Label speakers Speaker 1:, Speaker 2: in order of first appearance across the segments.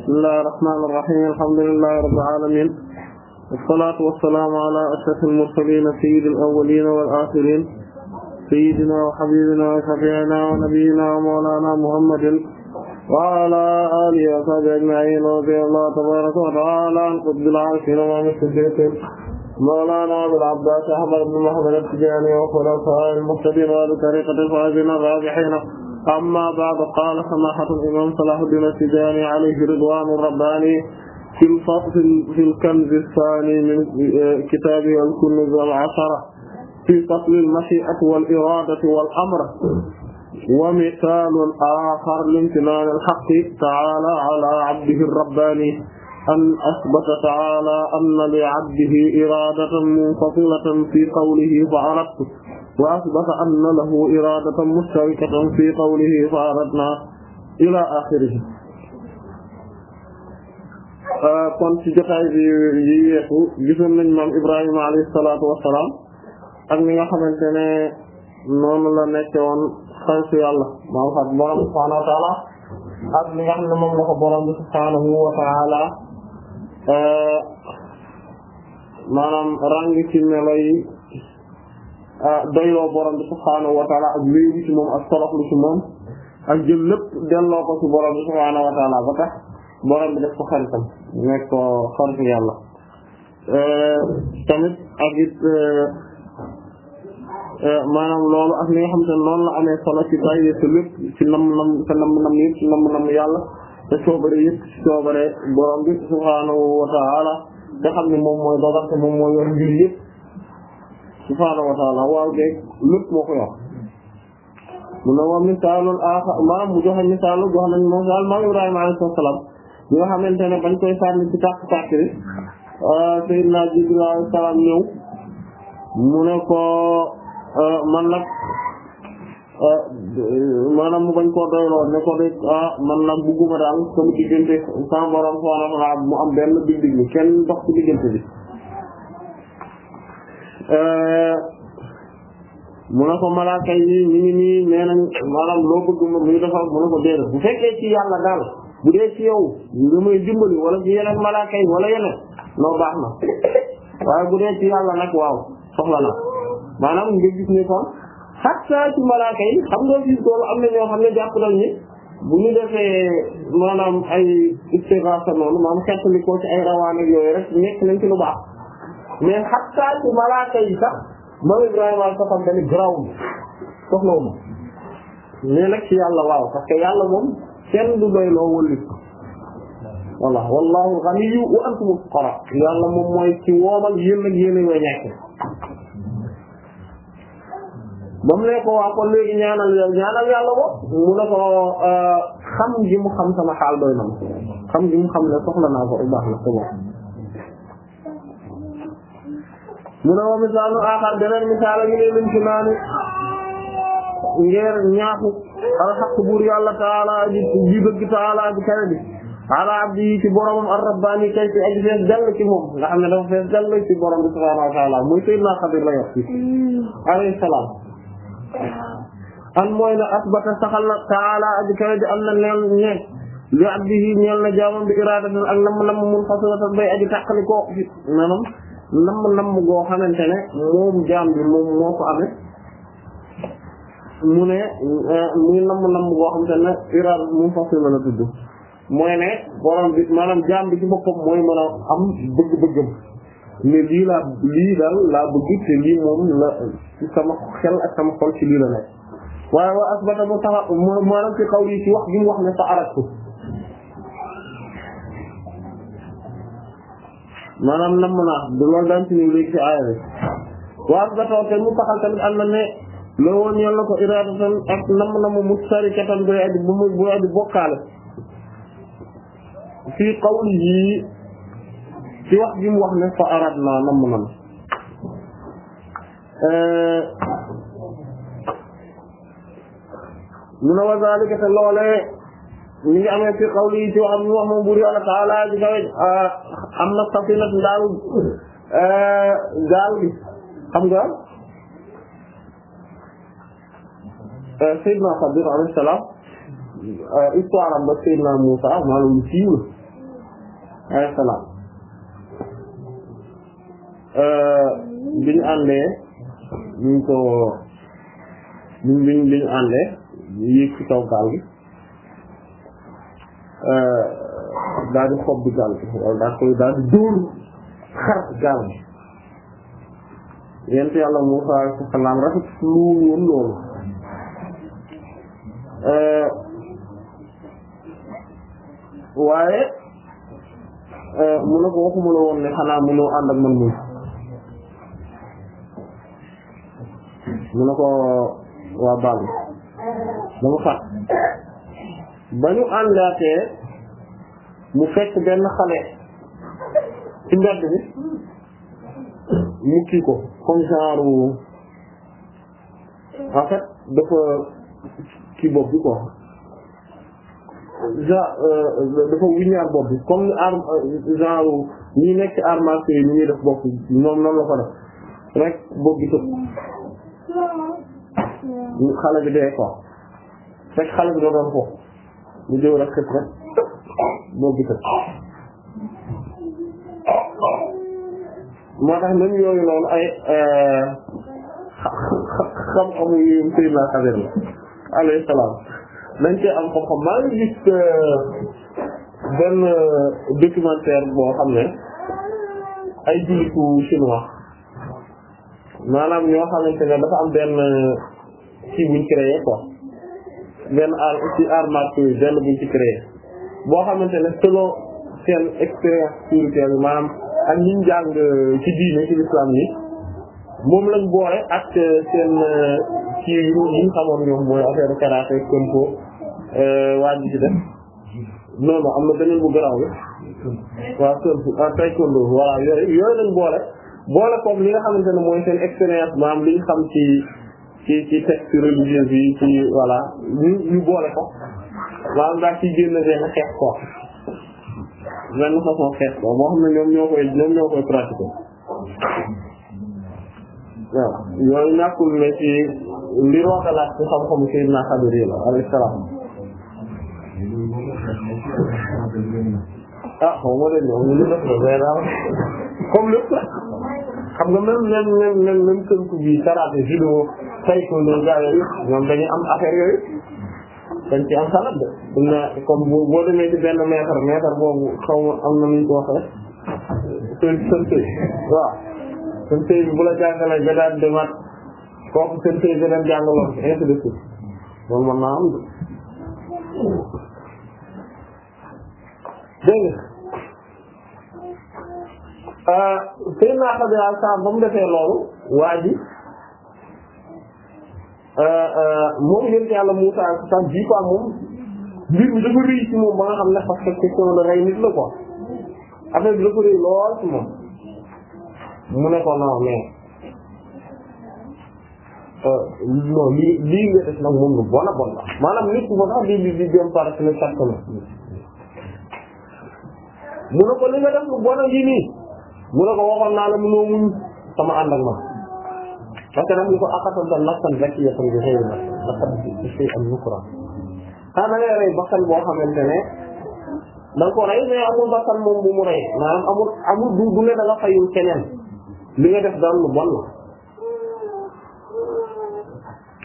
Speaker 1: bismillahir rahmanir rahim alhamdulillahi rabbil alamin wassalatu wassalamu ala ashrafil mursalin sayyidil awwalin wal akhirin sayyidina wa habibina wa shafi'ina wa nabiyyina wa mawlana muhammadin wa ala alihi wa sahbihi ajma'in radiyallahu tabaraka wa ta'ala an qutbil arshi wa min sidratin mawlana abil abbas ahmad ibn muhammad at-tijani wa khulafa'il muhtadin wa bi tariqati faizina rabihin amma ba'du qaala samaahatul imaam Salaahudiin At-Tijaani alayhi ridwaanu rabbaani fil fasl fil kanzi saani min eh, kitaabihi al-kunuuz al-ashara fi fasl al-mashii'ati wal iraadati wal amr wa misaalun aaxar li-imtinaani al-haqqi ta'aalaa 'alaa 'abdihi ar-rabbaani an asbata ta'aalaa anna li 'abdihi iraadatan munfasilatan fii qawlihi fa'aradtu wa asbata anna lahu iradatan mushtarikatan fi qawlihi fa aradna ila axirihi euh, kon ci jotaay bi yi yeesu gisoon nañ maam Ibrahima alayhi salaatu wassalaam ak mi nga xamante ne noonu la nekke woon xaritu yàlla maam xam borom subhaanahu wa taala ak mi nga xam ne moom la ko borom bi subhaanahu wa taala euh, maanaam rang ci melo yi Ah, doyloo borom bi subhaanahu wa taala ak léegi ci moom ak toroxlu ci moom ak jël lépp ko ci borom bi subhaanahu wa taala ba tax borom bi def ko xaritam nekk ko xaritu yàlla eh, tamit ak it eh, eh, maanaam loolu ak li nga xam te noonu la amee solo ci bàyyi sa lépp ci nam nam sa nam nam yëpp ci nam nam yàlla te coobare yëpp ci coobare borom bi subhaanahu wa taala te xam ne mooy dogal te moom mooy yor mbir subhaanahu wa taala waaw de lépp moo ko yor mu ne waa misaalul aaxar maam mu joxe misaalu jox nañ misaal maam salaam ñi nga xamante ne bañ koy sànni ci kàpp kàpp yi euh, Seydina Jibril ko euh, man nag euh, maanaam mu ne ko de ah man nag bugguma daal sama diggante sama borom subhaanahu mu am benn digg kenn dox ci diggante mu ne ko malaaka yi ñu ngi nii nee nañ maanaam loo bëgg mu luy defal mu ne ko déedéet bu fekkee ci yàlla daal bu dee ci yow nga may wala ci yeneen malaaka yi wala yeneen noo baax na waaye bu dee ci yàlla nag waaw soxla na maanaam nga gis ne kon xatta ci malaaka yi xam nga gis loolu am na ñoo xam ne jàpp nañ ni bu ñu defee maanaam ay istighaasa noonu maanaam xettali ko ci ay rawaan ak yooyu rek nekk nañ ci lu mais xataa ci malaaka yi sax maam Ibrahima al sasam dani grawul soxlawu ma mais nag ci yàlla waaw parce que yàlla moom kenn du doy loo wëlli voilà wallahu ghaniyu wa antumul fuqara yàlla moom mooy ci woomal yéen ak yéen ñoo ñàkk ba mu ne ko waa kon léegi ñaanal yow ñaanal yàlla ko mu ne ko euh, xam gi mu xam sama xaal doy na ma xam gi mu xam ne soxla naa ko bu baax la sa bopp mu ne wa misaalu aaxar beneen misaal ñu ne luñ ci naani ngir ñaaxu alxaq buur yàlla taala ji ji bëgg taala ji kawe bi ala abdi yi ci boromam ar rabbaani kay ci aji fees dell ci moom nga xam ne dafa fees dell ci borom bi subhaanahu wa taala muy sayyidna Xadir la yox ci alayhi salaam an mooy ne asbata saxal na taala aji kawe ji am na neel ne li abdi yi ñeel na jaamam bi iraadatan ak nam nam mun fasilatan bay aji tàqali ko maanaam namm namm goo xamante ne moom jaam bi moom moo ko amee mu ne euh, muy namm namm goo xamante ne mu fas la la tudd mooy ne borom bi maanaam jaam bi ci boppam mooy mën a am bëgg lii laa lii daal laa bëgg te lii moom la ci sama xel ak sama ci lii la nekk waaye wa asbata mu taxa maanaam ci xaw ci wax gi mu wax sa arat ko maanaam namm naa du loolu daan ci ñëw léegi ci aaya bi waaw gatoo te mu taxal tamit am na ne la woon yàlla ko iradatan ak namm na mu mustarikatan buy aji bu buy aji bokkaale fii qawli yi ci wax ji mu wax ne fa arad naa namm nan mu ne wa zalika te loolee mi ngi amee ci xaw li ci wax mi wax moom buur yàlla taala ji kawe ah, am na safinat ndaal gaal eh, gi xam nga eh, Seydina Xadir eh, am ba Seydina Muusa maanaam lu siiw la alayhi salaam bi ñu àndee ñu ko ñu bi ñu àndee yéeg Euh, daal di xob bi gaal bi wala xar gaal bi yent yàlla Muusaa alayhi salaam rafet lu woon loolu euh, waaye euh, mu ne ko waxuma la woon ne xanaa mu ñëw ànd ak mu ne waa baal dama fàtt ba ñu àndaatee mu fekk benn xale ci mbedd bi mu kii ko comme genre en fait dafa kii bopp bi quoi genre euh, dafa wiñaar bopp bi comme ar euh, genre ñi nekk ci arts ni ñuy def bopp bi la ko rek bopp bi xale bi de quoi fekk xale bi da doon foofu mu jëw rek xëpp rek moo gis moo tax même yooyu noonu ay euh, xam-xamu yu Seydina Xadir la alayhi salaam dañ cee am xam-xam maa ngi euh, benn euh, documentaire boo xam ne ay jullitu chinois maanaam ñoo xamante ne dafa am benn kii buñ créé quoi benn aar ci aar martial benn buñ ci créé boo xamante ne selon seen expérience spirituelle maanaam ak ñi ñu jàng euh, ci diine ci l'islam yi moom lañ boole ak euh, seen ci euh, yu ñu xamoon ñoom mooy affaire karaté kempo waa ji ci def am na beneen bu garaaw bi waaw kempo ah taekwondo voilà yooyu yooyu lañ boole boole koog li nga xamante ne mooy seen expérience maanaam li xam ci. ci ci texte religieux yi ci voilà ñu ñu boole ko maanaam daal ciy génn benn xeex ko benn façon xeex ko boo ne ñoom ñoo koy ñoom ñoo koy pratiquer waaw yooyu ñàkkul ne ci li ah xaw ma de ñoom ñu def la mais daal comme xam nga même même même même même tënku bi karaté judo taekwondo gaa yooyu ñoom dañuy am affaire yooyu dañ ci am salat de am boo boo demee ci benn maître maître boobu xaw ma am na nuñ ko waxee seen seen tëy waaw seen tëy bi bu la jàngalee ba daal demaat kooku seen tëy beneen jàngaloon ainsi de suite loolu mën naa am de dégg nga Seydina Xadir sa ba mu defee loolu waa ji euh, euh, moom yéen yàlla Muusaa sax bii quoi moom mbir mi dafa rëy ci moom ba nga xam ne parce que question la rey nit la quoi affaire bi dafa rëy lool ci moom mu ne ko non mais euh, non lii lii nga def nag moom lu bon a bon la maanaam nit ku ko sax di di di dem par ne chaque semaine mu ne ko li nga def lu bon a ngi nii mu ne ko waxoon naa la mu noo muñ sama ànd ak man parce que nag ko akatal da nafsan zakiyatan bi ghayri nafsin laqad ji'ta shay'an nukra xanaa da ngay rey xamante ne da nga ko rey mais amul bu mu rey maanaam amul amul du du ne da nga fayul keneen li nga def daal lu bon la.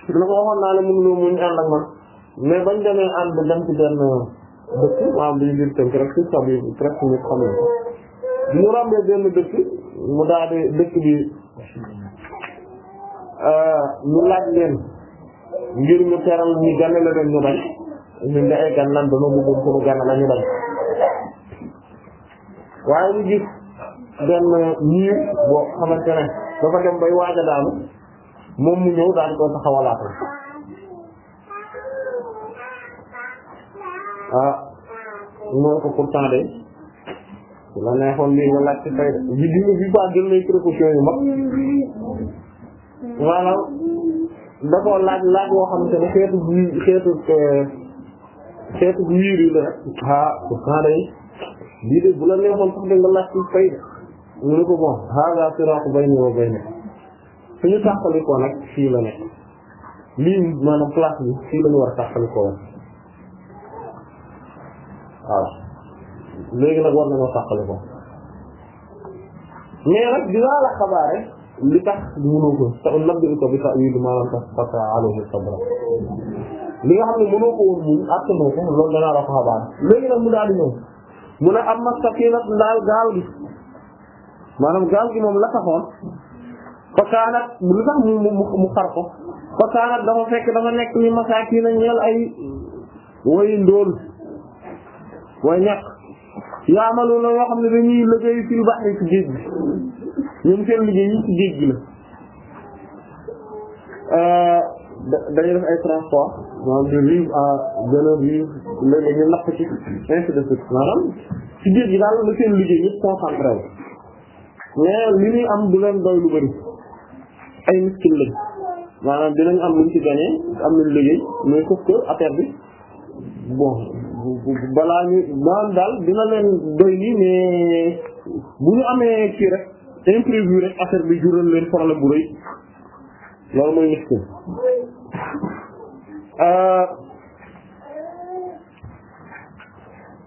Speaker 1: mu ne ko waxoon naa la mu noo muñ ànd ak man mais bañ demee ànd dem ci benn dëkk maanaam dañu jël tënk rek ci sa bi presque ñu xamee bi mu rombee benn dëkk mu daal di dëkk bi euh, mu laaj leen ngir ñu teral ñu gane la leen ñu bañ ñun de ay gan lan dama bëggoon pour gan la ñu bañ waaye ñu gis benn miir boo xamante ne dafa dem bay waaj a daanu moom mu ñëw daal di ko taxawalaatal ah mooy ko pourtant de su la neexoon lii nga laaj ci fay de bi bi bi ba jël nañ précaution yu mag maanaam da koo laaj laaj woo xamante ne xeetu xeetu euh, xeetu wiir yi la rek ah pourtant day lii de bu la neexoon sax da nga laaj ci fay de ñu ne ko bon hada siraaku bayni wa bayna suñu tàqalikoo nag fii la nekk lii maanaam place bi fii la ñu war a tàqalikoo woon waaw léegi nag war nañoo sàqale ko mais nag dinaa la xabaare li tax mënoo ko te nabbi ko bi ta'wil ma lam tastati alayhi sabra li nga xam ne mënoo ko woon danaa la ko xabaar léegi nag mu daal di ñëw mu ne am masakina daal gaal gi maanaam gaal gi moom la taxoon fa kaanat li tax mu xar ko fa kaanat dafa fekk dafa nekk ni masakina ñeel ay way ndóol way ñàkk yaamaluuna yoo xam ne dañuy liggéey fil bahri ci géej gi ñoom seen liggéey yi ci géej gi la euh, dañuy def ay transport maanaam de rive à beneen rive léeg-léeg ñu napp ci ainsi de suite maanaam ci géej gi daal la seen liggéey yëpp concentré mais li ñuy am du leen doy lu bari ay miskin lañ maanaam dinañ am luñ ci gagné am nañ liggéey mais sauf que affaire bi bon balaa ñu maanaam daal dina leen doy nii mais bu ñu amee kii rek imprévu rek affaire bi jural leen problème bu rëy loolu mooy miskin euh,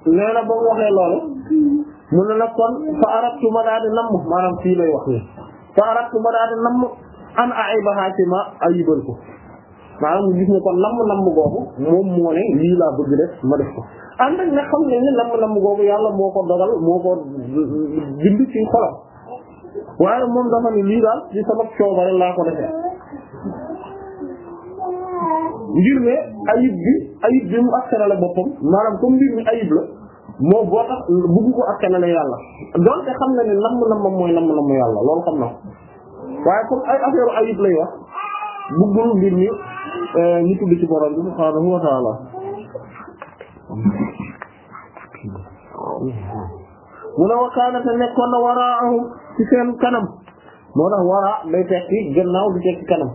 Speaker 1: nee na kon fa arattu ma daal di namm fii lay wax nii fa arattu ma daal di namm an aybaha ci ma ko naa gis ne kon namm namm googu moom moo ne lii ma def ko ànd ak nag xam ne ni namm namm googu yàlla moo ko dogal moo ko bind ci xolam waaye moom dafa ne lii daal ci sama ko defee ngir ne ayib bi ayib bi mu askanale boppam maanaam comme mbir mi ayib la moo boo tax bëgg ko askanale yàlla donte xam na ne namm nammam mooy namm namm yàlla loolu xam na waaye comme ay affaire buggul mbir mi euh, ñu tudd ci borom bi subhaanahu wa taala mu ne wa kaana te nekkoon na waraahum ci seen kanam moo tax wara day tekki gannaaw di tekki kanam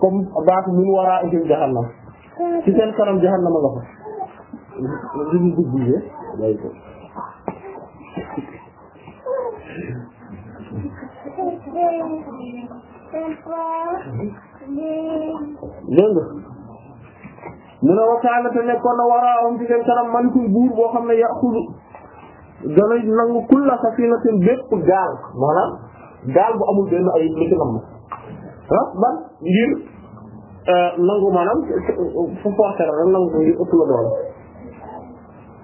Speaker 1: comme baatu min waraa itam jahannam ci seen kanam jahannam nga fa
Speaker 2: liñu dugg day ko dégg nga mu
Speaker 1: ne te nekkoon na waraawam ci seen kanam malikul buur boo xam ne yàqulu dana nangu kulla safinatin bépp gaal maanaam gaal bu amul benn ayib li ci nam ah ban ngir euh, nangu maanaam fu forcé rek nangu ngir ëpp la doole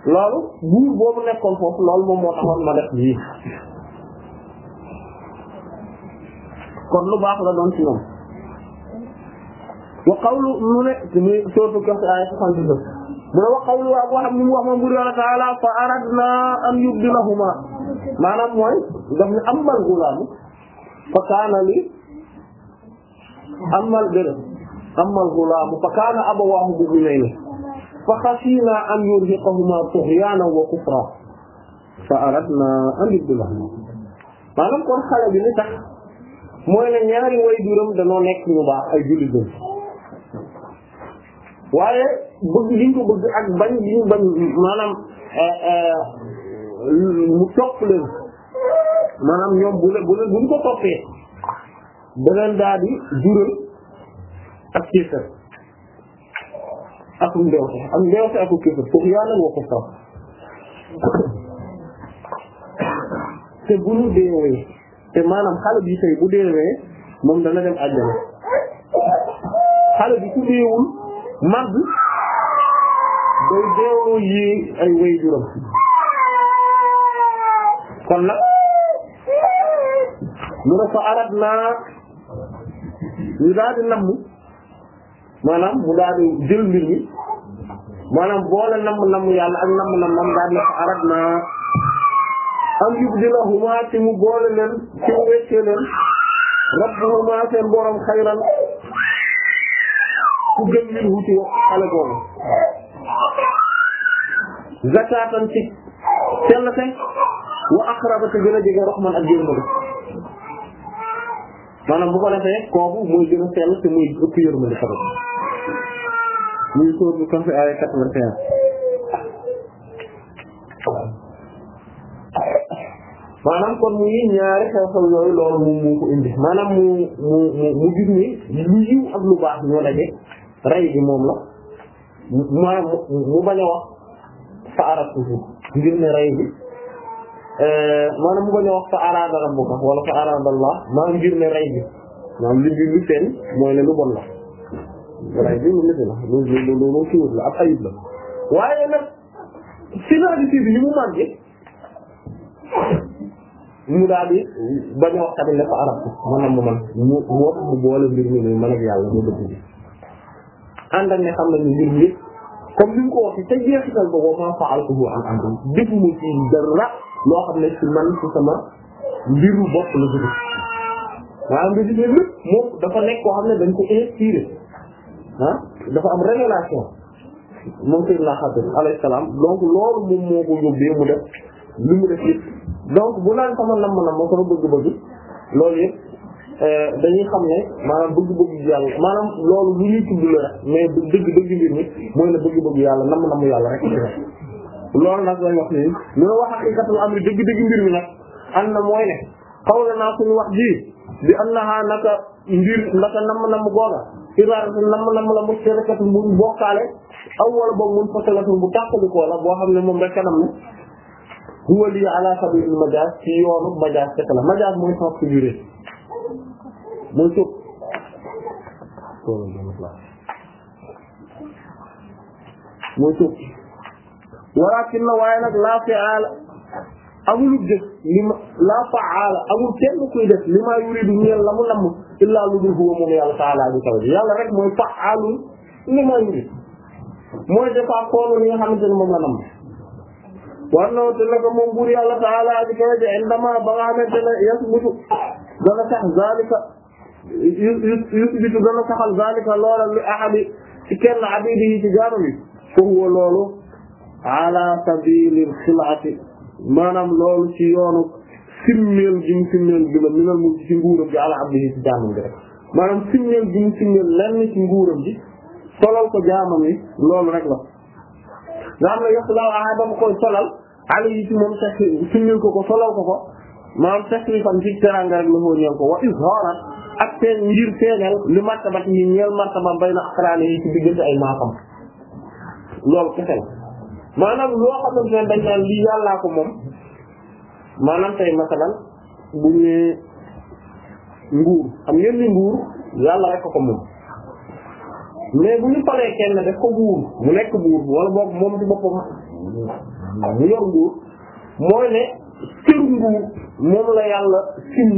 Speaker 1: loolu buur boobu nekkoon foofu loolu moom moo taxoon ma def lii kon lu baax la doon ci ñoom wa qawlu mu ne ni sootu kaf ay soixante-dix-neuf mu ne wa qawlu waa boo xam ni mu wax moom bur yàlla taala fa aradna an yubdilahuma maanaam mooy daf ne amal gulaam fa kaana li amal dërëm amal gulaam fa kaana abawaahu mu'minayni fa xasina an yurhiqahuma tughyaana wa kufra fa aradna an yubdilahuma maanaam kon xale bi ni tax mooy ne ñaari way juram danoo nekk ñu baax ay jullit lañ waaye bëgg liñ ko bëgg ak bañ liñ bañ maanaam eh, eh, mu topp leen maanaam ñoom bu leen bu leen ko toppee beneen daal di jural ak kéefër ak ndewte ak ak kéefër foofu
Speaker 2: te bu
Speaker 1: ñu deewee te maanaam xale bi tey bu deewee moom dana dem àjjana xale bi su deewul mag day deewoo yi ay way juróom kon nag lu dafa arat naa ñu daal di namm maanaam mu daal di jël mbir mi maanaam boole namm namm yàlla ak namm nammam daal di dafa arat naa am yubdilahuma ci mu boole leen ci mu wéccee leen rabbuhuma seen borom xayran ku gën min hu ci xale boobu zakatan ci sell te wa aqraba te gën jege rahman ak yërmande maanaam bu ko defee kooku mooy gën a te muy ëpp yërmande xarit muy sóor bu kafe ay quatre-vingt-un maanaam kon muy ñaari xew-xew yooyu loolu moom moo ko maanaam mu mu mu mu gis lu yiw ak lu baax ñoo daje rey bi moom la maanaam mu mu bañ wax fa arada euh, rabbuka maanaam ngir ne rey bi maanaam li bi lu seen mooy lu bon la rey bi lu métti la lu lu lu lu kiiwut la ab ayib la waaye nag finalité bi ni mu màggee ñu daal di bañ a wax tamit ne ko arab maanaam mu man mu wóob mu boole mbir mi man ak yàlla ñu dëgg bi ànd ak ne xam nañu mbir mi comme li ñu ko waxee te jeexital ba boo ma faal ko bu am àndul defu mu ci dara loo xam ne ci man ci sama mbiru bopp dafa nekk koo xam ne dañ ko inspiré ah dafa am révélation moom sëñ la xatir alayhi salaam donc loolu moom moo ko yóbbee mu def li mu def yëpp donc bu naan sama namm namm sama bëgg-bëgg loolu yëpp euh, dañuy xam ne maanaam bëgg-bëgg yàlla maanaam loolu lu ñuy tudd la rek mais dëgg dëgg mbir mi mooy ne yàlla namm namm yàlla rek ci rek loolu nag lañ wax nii lu wax xaqiiqatul amri dëgg am na mooy ne xaw la naa suñu wax ji bi am naa naka mbir naka namm namm googa iraadatu namm namm la mu bu mu bokkaale aw wala boobu mun fasalatu bu tàqalikoo la boo xam ne moom rek kanam ne huwa lii ala sabilil majaaz ci yoonu majaaz fekk la majaaz mooy sens figuré mooy sëb mooy sëb walakin na waaye nag laa fi'aala amul jëf li ma laa fa'aala amul kenn kuy def li ma yuridu ñeel la mu namm illaa lu dul huwa moom yàlla ta'aala bi taw yàlla rek mooy fa'aalun li ma yuridu mooy defaa koolu li nga moom la namm war na te naka moom buur yàlla taala aji kawe ji indama ba nga xamante ne yasbutu dana sax zalika yusbitu dana saxal zalika loola li ahadi ci kenn abidi yi ci jaaru bi fahuwa loolu ala sabilil xilaati maanaam loolu ci yoonu simmeel gi mu simmeel bi la minal mu ci nguuram bi ala abdi yi ci jaamam bi rek maanaam simmeel gi mu simmeel lenn ci nguuram bi solal ko jaamam yi loolu rek la nga xam ne yos laaw aha dama koy solal alayhi ci moom sax sunnil ko ko solal ko ko maanaam sax li ngir feeñal li martabat yi ñeel martaba bay na xaraane yi ci diggante ay maasam loolu kese la maanaam loo dañ naan lii yàllaa ko moom maanaam tey masalan bu ñu nguur xam ngeen ni nguur yàlla rek ko moom mais bu ñu paree kenn def ko buur mu nekk buur wala boog moom ci boppam maanaam ñu yor la yàlla sim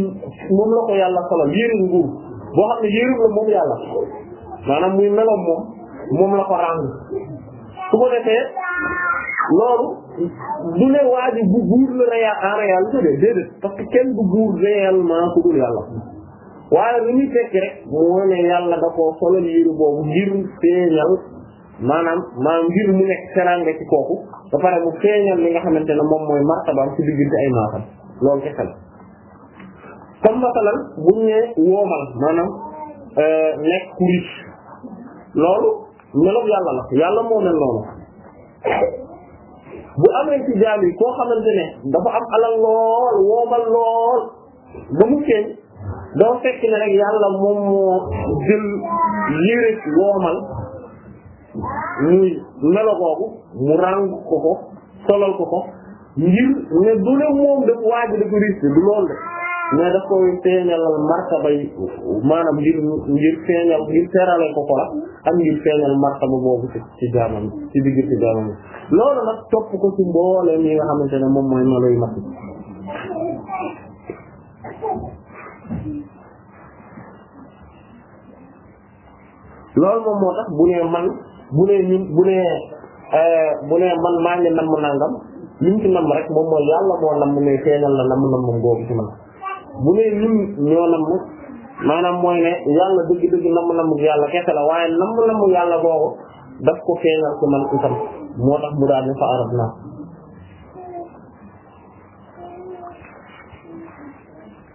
Speaker 1: moom la ko yàlla solal yére nguur boo xam ne yére la moom yàlla maanaam muy meloom moom moom la ko ràng
Speaker 2: su ko defee loolu
Speaker 1: du ne waa ji bu buur la réa en réalité de déedéet parce que kenn du buur réellement ku dul yàlla waaye li muy tekki rek moo ne yàlla da koo solal yére boobu ngir feeñal maanaam maanaam ngir mu nekk teraanga ci kooku ba pare mu feeñal li nga xamante ne moom mooy martabaam ci diggante ay maatam loolu kese la comme masalan bu ñu nee woomal maanaam euh, nekk ku loolu meloom yàlla la yàlla moo mel noonu bu amee ci jaam yi koo xamante ne dafa am alal lool woomal lool ba mu feeñ doo fekk ne rek yàlla moom moo jël yére woomal muy melo boobu mu ràng ko ko solal ko ko ngir ne du ne moom daf waaj a ko risque du loolu de mais daf koy feeñalal martaba yi maanaam ngir ngir feeñal ngir terale ko ko la ak ngir feeñal martaba boobu ci ci jaamam ci digg ci jaamam loolu nag topp ko ci mbooleem yi nga xamante ne moom mooy melo yu mat loolu moom moo tax bu ne man bu nee ñun euh, man maa ngi nam nangam li mu ci nam rek moom mooy yàlla moo nam ne feeñal na nam nam moom googu ci man bu nee ñun ñoo nam maanaam mooy ne yàlla dëgg-dëgg nam nam yàlla kese la waaye nam nam yàlla googu daf ko feeñal ci man itam mu daal di fa arab naa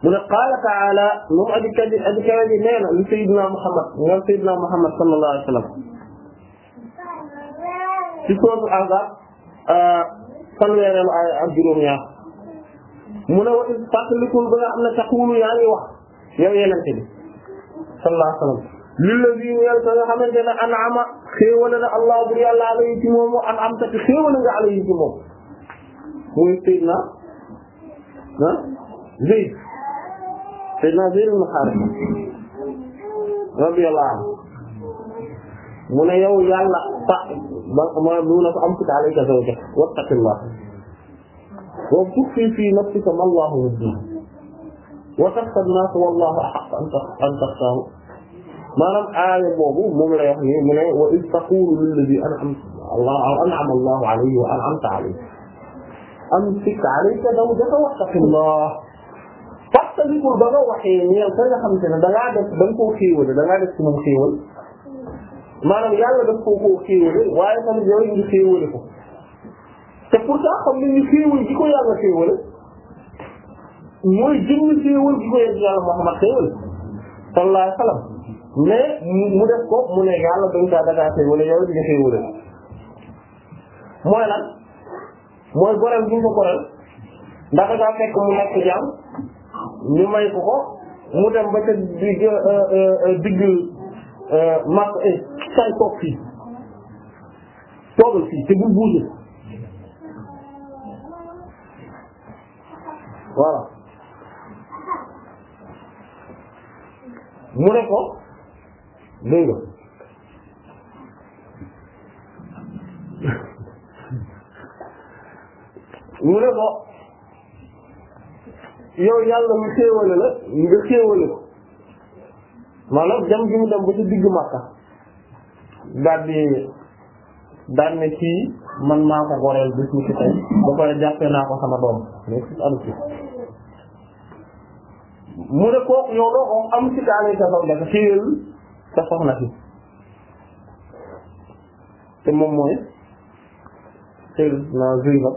Speaker 1: mu ne qaala taala moom aji kaji aji kawe ji nee na li sayyidina Muhammad nga sayyidina Muhammad sallallahu alayhi wa ci soosu Ahzab euh, fanweereelu aaya ak juróom-ñaar mu ne wati fàttalikul ba nga xam ne taxuulu yaa ngi wax yow yenente bi sallallahu alayhi wa sallam lillazina yel sa nga xamante ne an'ama xéewale na allah bur yàlla alayhi ci moom an am ta ci xéewale nga alayhi ci moom muy Seydina ah Zayd Seydina Zayd ibn Haarisa radiyallahu anhu mu ne yow yàlla ma duuna ko am si taal ayka zawjak wattaqillah wa tukfi fi nafsika ma Allahu yubdi wa takhsha an-nas wallahu ahqqu an takhshahu maanaam aaya boobu moom lay wax nii mu ne wa iz taqulu lilladhi an'amta an'ama Allahu alayhi wa an'amta alayhi amsik alayka zawjaka wattaqillah fàttalikul ba nga waxee ñeel ka nga xam te ne da ngaa def da nga koo xéewal da ngaa def ci moom xéewal maanaam yàlla daf koo koo xéewale waaye tamit yow ñu xéewale ko te pourtant xam ne ñu xéewal gi ko yàlla xéewale mooy jëmm xéewal gi ko yàlla Muhammad xéewale sallallahu alayhi wa sallam mais mu def ko mu ne yàlla dañ kaa dagaa xéewale yow di nga xéewale mooy lan mooy goreel gi ñu ko goreel ndax daa fekk mu nekk jaam ñu may ko ko mu dem ba ca digg euh, euh, euh, digg màq kay toog fii toogal fii te bul bouger voilà mu ne ko dégg nga mu ne ko yow yàlla mu xéewale la nga xéewale ko maanaam dem gi mu dem ba ci digg Makka daal di daal ne kii man maa ko goreel bis ni ci tey ba pare jàppee naa ko sama doom mais ci am ci mu ne kooku yow doo ko am ci kaani sa soxna si xéyal sa soxna si te moom mooy xéyal na Zuyba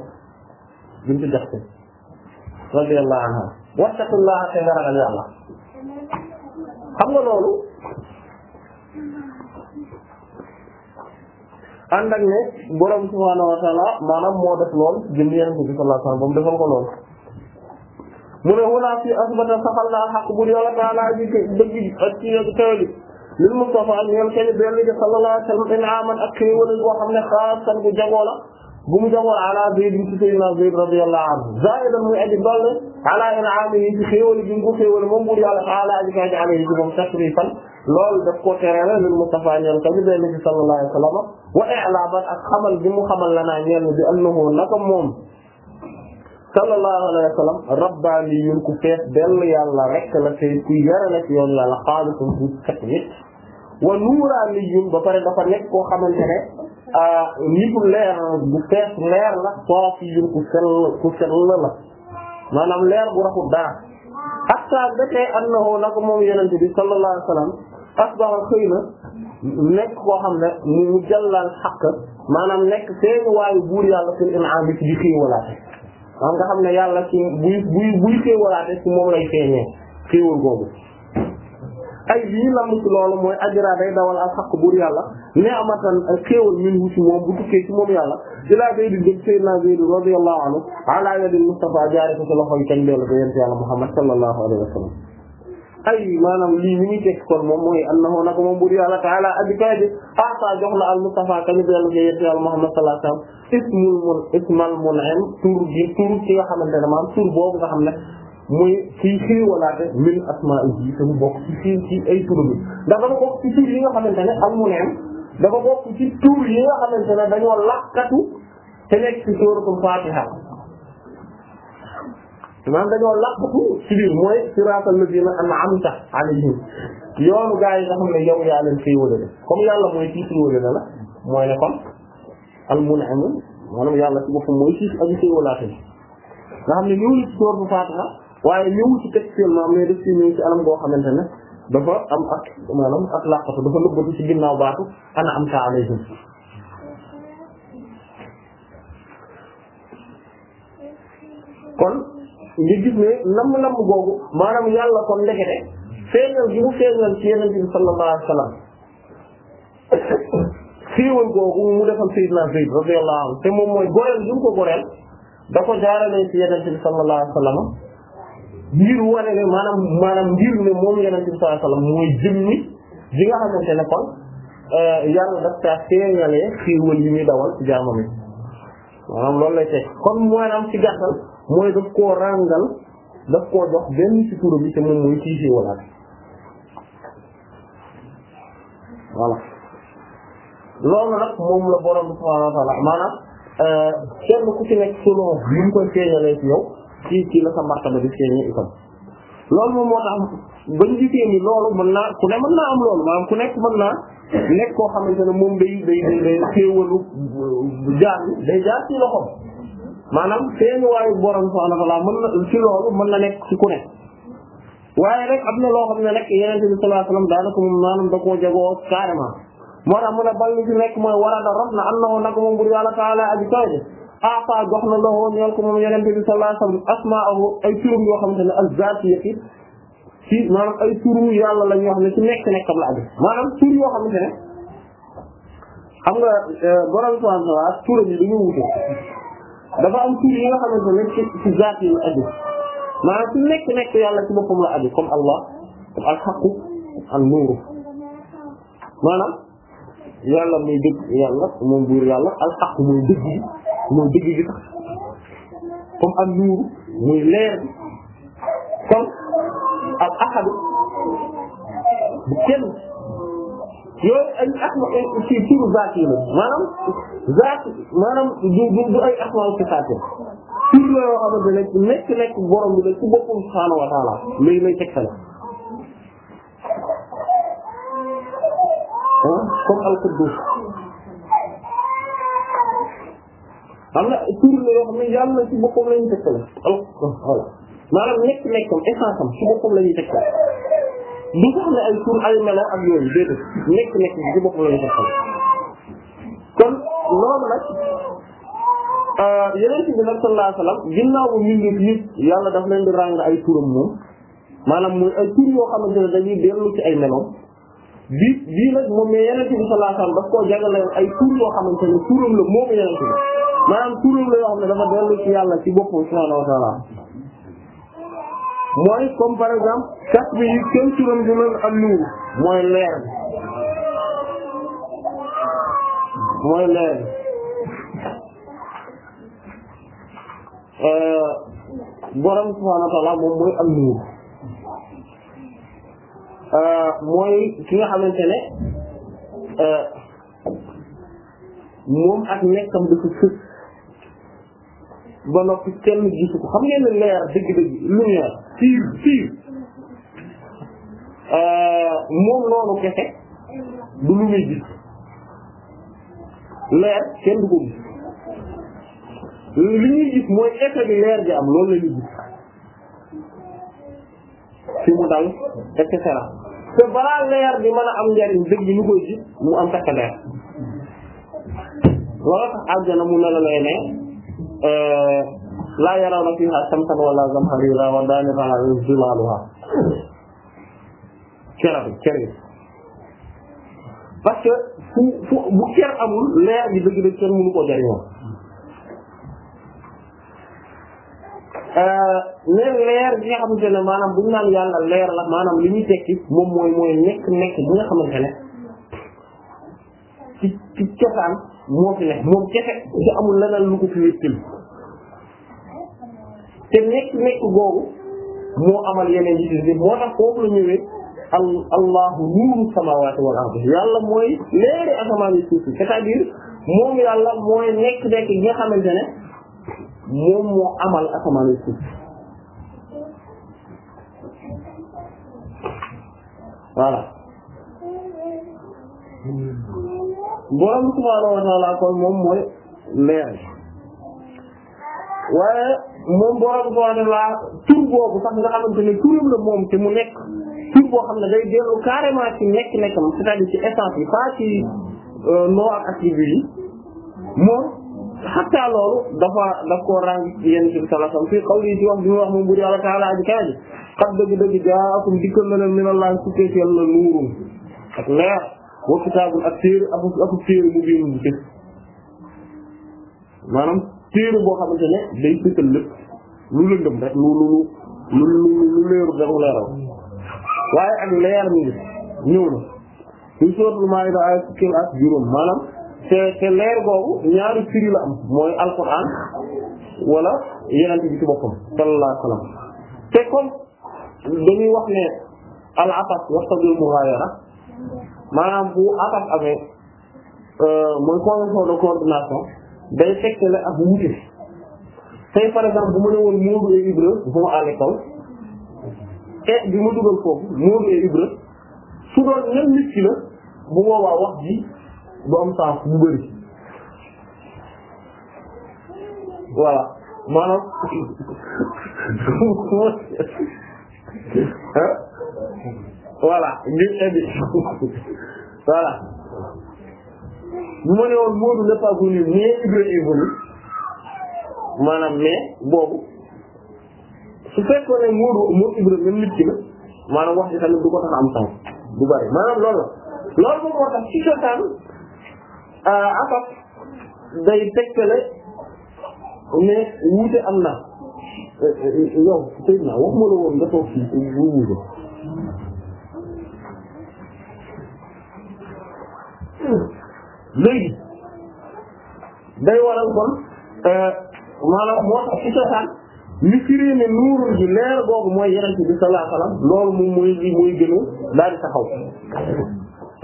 Speaker 1: bint Jahsh radiyallahu anha wattaqullaha te nga ragal yàlla xam nga loolu ànd ak ne borom subhaanahu wa taala maanaam moo def lool jëm yonent bi sallallahu alayhi wa mu defal ko lool. mu ne wala fi asbata saxal naa xaq bu yàlla taala ji dëgg ak ci teew li lil Mustafa ñeel kenn benn bi sallallahu alayhi wa sallam inaaman ak xéewal boo xam ne xaasal bu jagoo la. bu mu jamoon ala Zayd bi ci Sayyidina Zayd anhu zaidan muy aji dolle ala in'amihi ci xéewal bi mu ko xéewal moom buur yàlla ala aji ka ji alayhi ci moom tashrifan loolu ko terale lil Mustafa ñeel ka bi benn ci sallallahu alayhi wa sallam wa i'laban xamal bi mu xamal la naa ñeel bi annahu naka moom sallallahu ku fees dell yàlla rek la tey ku yara la ci yoon yàlla ba pare dafa nekk koo xamante Euh, nitu leer bu fees leer la soofi yun ku sell ku sell la maanaam leer bu raxul dara hatta ba tey annahu nako moom yenente bi sallallahu alayhi wa sallam asbaha xëy na nekk koo xam ne mu jàllal xaq maanaam nekk feeñu waayu buur yàlla fil in'am ci di xéewalaate maanaam nga xam ne yàlla ci buy buy buy xéewalaate ci moom lay feeñee xéewal googu ay lii lamu ci loolu mooy ajra day dawal al xaq buur yàlla ne amatan xéewal min hu ci moom bu tukkee ci moom yàlla ilaa Zayd jëm Seydina Zayd radiyallahu anhu ala yadi Mustafa jaare ko ci loxoy kañ doola ko yent yàlla Muhammad sallallahu alayhi wa sallam ay maanaam lii li muy tekk kon moom mooy annahu nako moom buur yàlla taala aji kay bi asa jox na al Mustafa kañ doola ko yent yàlla Muhammad sallallahu alayhi wa sallam ismul mun ismal mun'im tur gi tur ki nga xamante ne maanaam tur boobu nga xam ne muy kii xiiwalaate min asmaa'ihi te mu bokk ci fii ci ay tur bi ndax dafa bokk ci tur yi nga xamante ne al muneem dafa bokk ci tur yi nga xamante ne dañoo lakkatu te nekk ci suuratul Faatiha maanaam dañoo lakkatu ci biir mooy siraatal lazina an'amta alayhim yoonu gaa yi nga xam ne yow yaa leen xiiwalale comme yàlla mooy kii xiiwalale la mooy ne kon al muneem maanaam yàlla ci boppam mooy kii ak xiiwalaate bi nga xam ne ñëw na ci suuratul Faatiha waaye ñëwu ci textuellement mais daf ci ñëw ci anam goo xamante ne dafa am ak maanaam ak làqatu dafa lëbbatu ci ginnaaw baatu ana am ta alayhim kon nga gis ne namm-namm googu maanaam yàlla kon ndekete feeñal gi mu feeñal ci yeneen bi sallallahu alayhi wa sallam siiwal googu mu defal sayyidina Zayd radiyallahu anhu te moom mooy goreel gi mu ko goreel da ko jaarale ci yeneen bi sallallahu alayhi wa sallam ngir wane ne maanaam maanaam ngir ne moom yonent bi sallallahu alayhi wasallam mooy jëmmi bi nga xamante ne kon euh, yàlla daf taa feeñalee dawal ci jaamam yi maanaam loolu lay kon maanaam ci gàttal mooy daf koo ràngal daf jox benn ci turam bi te moom mooy kii xéewalaat voilà loolu nag moom la borom bi subhaanahu wa euh, kenn ku ci nekk selon li mu koy feeñalee ci la sa martaba di feeñee itam loolu moom moo tax ba ñu gisee ni loolu mën naa ku ne mën naa am loolu maanaam ku nekk nekk koo xamante ne moom day day day xéewalu jaar day jaar ci loxoom maanaam feeñu waayu borom subhanahu wa ta'ala mën na mën na nekk ci ku nekk waaye rek am loo xam ne nag yeneen bi sallallahu alayhi wasallam daanaka moom maanaam da koo jagoo carrément moo tax mu ne bal li nekk mooy warada rob na annahu nag moom bur yàlla taala aji kawe afa jox na loxo ñeel ko moom yonent bi sallallahu alayhi wasallam asmaahu ay turam yoo xamante ne az-zaatiyaati ci maanaam ay turu yàlla lañ yoo xam ne ci nekk nekkam la aju maanaam tur yoo xamante ne xam nga euh, borom subhanahu yi dañoo wute dafa am tur yi nga xamante ne zaat yi la aju maanaam ci nekk nekk yàlla ci boppam la aju al nuuru maanaam yàlla muy dëgg yàlla moom buur yàlla al-haqqu muy mooy dëgg gi tax comme am nuuru muy leer bi kon ak axadu bu kenn yooyu ay asma ci turu zaat yi la maanaam zaat maanaam du du ay asma ci saat yi tur la yoo xamante ne nekk nekk borom bi la ci boppam subhaanahu wa taala lay lay tegtale ah, comme al-Quddus xam nga tur la yoo xam ne yàlla ci boppam la ñu tekkale voilà maanaam nekk la ñuy ne ay tur ay melo ak yooyu déedéet nekk nekk ci boppam la ñuy tekkale kon loolu nag euh, yeneen yàlla daf leen di ràng ay turam moom maanaam mooy ay tur yoo xamante ne dañuy ay melo bi bii nag moom yeneen koo jagale ay tur yoo xamante la moom yeneen ci bi maanaam turam la yoo xam ne dafa dellu ci yàlla ci boppam subhaanahu wa ta'ala mooy comme par exemple kat bi yi kenn turam di leen am nuur mooy leer mooy leer euh, borom subhaanahu ta'ala moom mooy am nuur euh, mooy ki nga xamante ne euh, moom ak nekkam ba noppi kenn gisu ko xam ngeen ne leer dëgg-dëgg lumière fiir fiir euh, moom noonu kese du lu muy gis kenn du ko gis li ñuy mooy effet bi leer gi am loolu la ñuy gis fi mu dal et cetera balaa leer bi mën a am njariñ dëgg ñu koy gis mu am takk leer loolu tax aljana mu ne la lay ne laa yarawna fiha shamsan wala zamharira wa daaniyatan zilaluha ker bi ker bi parce que fu fu bu ker amul leer bi dëgg dëgg kenn mënu ko jariñoo euh, mais leer bi nga xamante ne maanaam bu ñu naan yàlla leer la maanaam li ñuy tekki moom mooy mooy nekk nekk bi nga xamante ne ci ci cosaan moo fi ne moom kese te amul leneen lu ko fi wéttal te nekk nekk googu moo amal yeneen yi ci moo tax foofu la ñëwee al allahu nuuru samaawaati wal ardi yàlla mooy leeri asamaan yi suuf nga xamante ne moom moo amal asamaan yi borom subhaanahu wa taala moom mooy leer waaye moom borom subhaanahu wa ta'aala tur boobu sax la moom te mu nekk tur boo xam ne day dellu carrément ci nekk-nekkam c'est-à-dire ci essence bi pas ci euh, noo ak dafa daf koo ràng ci yenn ci wax bi mu wax moom bu yàlla ta'aala aji kawe ji qad dëgg-dëgg jaakum dikkal na leen ak leer wa kitaabun ak téere ak ak téere mu biirum bi téere boo xamante ne day tëkkal lépp lu lëndëm rek lu lu lu lu lu leerul rek mu leeral waaye ak leer mi ñëw na ñu sootul maa ngi daal ay juróom maanaam te te leer boobu ñaari firi la am mooy alquran wala yeneen bi ci boppam sallallahu alayhi wa te comme dañuy wax ne al afas waxtabil mughayara maanaam bu afas amee euh, mooy convention de coordination day fekke la ak wuute tey par exemple bu ma ne woon Modou et Ibra vont à l'école et bi ma dugal foofu Modou et Ibra su doon ñan nit ki la bu boobaa wax bu ma ne woon Moodu n'est pas venu mais Ibra est venu maanaam mais boobu su fekkoon ne ki la maanaam wax ji tamit du ko tax am sens du bari maanaam loolu la loolu moom moo tax ci cosaan afaf euh, day tegtale ne wuute am na euh, euh, yow tey naa wax ma la woon nga toog fii bu wuute léegi day waral kon euh, maanaam moo tax ci cosaan li firee ne nuur gi leer boobu mooy yeneen bi sallallahu alayhi wasallam loolu moom mooy li mooy taxaw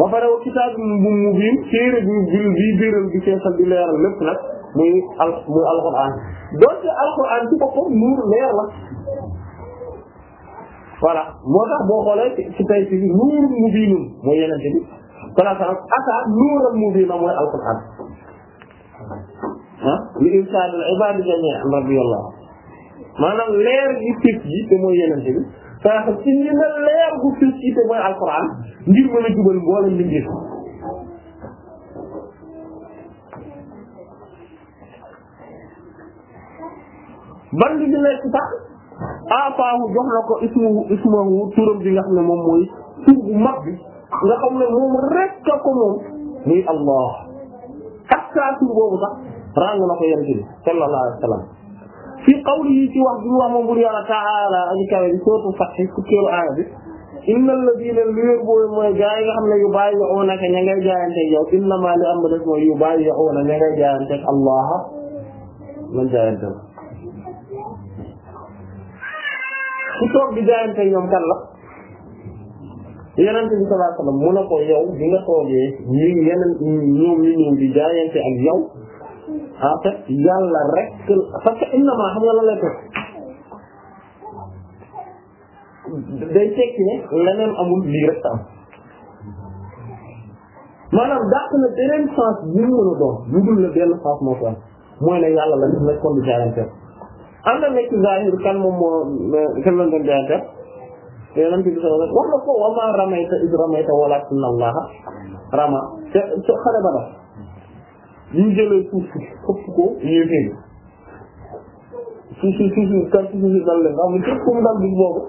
Speaker 1: ba pare wa kitaab bu mu biin téere bi bi bii biral bi feesal di leeral lépp nag muy al muy alquran donc alquran ci boppam nuur leer la voilà moo tax boo xoolee ci tey ci nuur mu biinum mooy yeneen bi sallallahu alayhi wasallam ataa nuural mubiina mooy alquran ah li irsaadil ibaadi jamii'an radiyallahu maanaam leer gi fis ji te mooy yenente bi saaxam indi na leer gu fis ji te mooy alquran ngir mën a jubal mboolem li ngir ban bi di nekk sax afaahu jox na ko ismu ismahu turam bi xam ne moom mooy tur bu mag bi nga xam ne moom rek a ko moom muy allah hatta tur boobu sax ràng na ko yonent bi sallallahu alayhi wa sallam fi qawlihi ci wax bi mu wax moom bur yàlla taala aji kawe bi sootu fatxi fukkeelu aaya bi inna alladina lu yór boobu mooy gaa yi nga xam ne yu bàyyi yoo naka ña ngay jaayante yow innama li am ba def mooy yu bàyyi yoo na ña ngay jaayante allah man jaayante la ku toog di jaayante ñoom kan la yonent bi sallallahu alayhi wasallam mu ne ko yow bi nga toogee ñu yeneen ñoom ñu ñëw di jaayante ak yow en fait yàlla rek parce que innama xam nga la lay teg day tekki ne leneen amul lii rek am maanaam dàq na beneen sens bi mu mën a doon lu dul la benn sens moo ko am mooy ne yàlla la def nag kon du jaayante am na nekk zahir kan moom moo kan la doon jaayante te yonent bi sallallahu alayhi wasallam wax na ko wa maa ramayta iz ramayta walaakinna Allaha rama te te xare ba def li ñu jëlee suuf si xëpp ko yéexee suuf si suuf si kàr suuf si dal leen xam nga képp ku mu dal bis boobu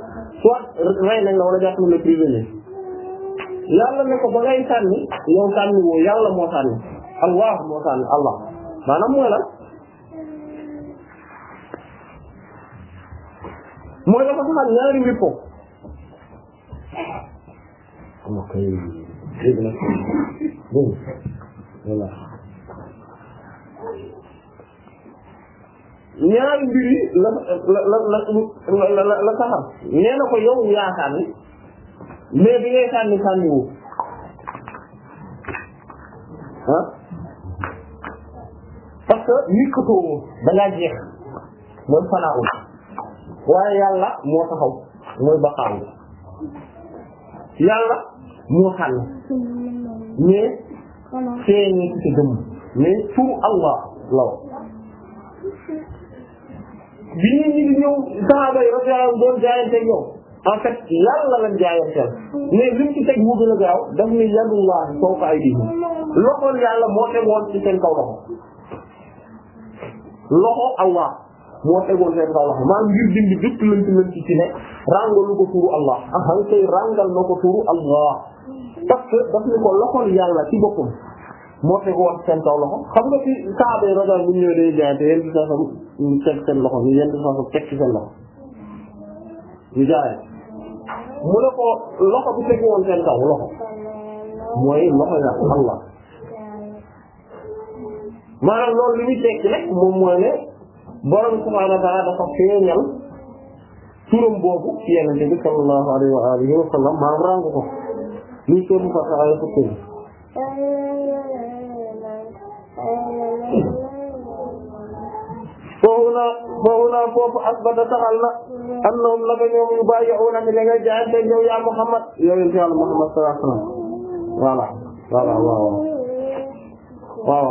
Speaker 1: soit rey nañ la wala jàpp nañ la prisonnier yàlla ne ko ba ngay sànni yow sànni woo yàlla moo sànni Allah moo sànni Allah maanaam mooy lan mooy dafa saxal ñaari mbir foofu
Speaker 2: moo koy dégg na dégg voilà
Speaker 1: ñaari mbir yi la la la la la saxar nee na ko yow yaa sànni mais bi ngay sànni sànni wu ah parce que yëkkatoo woo da jeex mooy fanaawul waaye yàlla moo taxaw mooy baqaawul yàlla moo xàll mais feeñee ci sa gëm mais turu Allah la wax bi ñu ñi di ñëw sahaaba yi radiyallahu doon jaayante ñow en fait yàlla lañ jaayanteel mais liñ ci teg mu gën a gaaw daf ne yadullah fawqa aydihim loxoon yàlla moo tegoon ci seen kaw loxo loxo Allah moo tegoon seen kaw loxo maanaam ngir dindi dëpp lañ ci lañ ci ci ne ràngalu ko turu Allah ahan kay ràngal na ko turu Allah parce que daf ni ko loxol yàlla ci boppam moo teg woon seen kaw loxo xam nga ci saaba yi rajo bu ñu ñëwee day jaayante yéen di saasam ñu teg seen loxo ñu yéen di saasam teg ci seen loxo ñu jaay mu ne ko loxo bu teg woon seen kaw loxo mooy loxo yàlla Allah maanaam loolu li muy tekki nag moom mooy ko luy seen fasaaya sukkur foofu foofu naa foofu asbata taxal na annahum naka ñoom yu bàyyi'uuna ne nga jaayante yow yaa Muhammad yow yonent Muhammad sallallahu alayhi wa sallam voilà voilà waaw waaw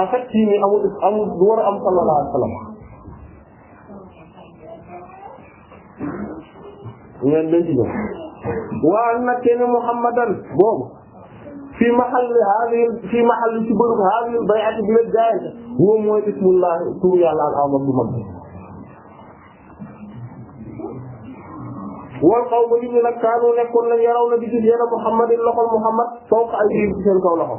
Speaker 1: en fait kii nii amul amul du war a am sallallahu alayhi wa sallam ngeen waa nag kenn muhammadan boobu fii mahalli haadil fii mahalli ci bërëb haadil bay'ati bi leen jaayante moom mooy ismullah tur yàlla al azam bu mag wal xaw ba nit ñi nag kaanu nekkoon nañ yaraw na di gis yéen a muhammadin loxol muhammad fawqa aydihim ci seen kaw loxo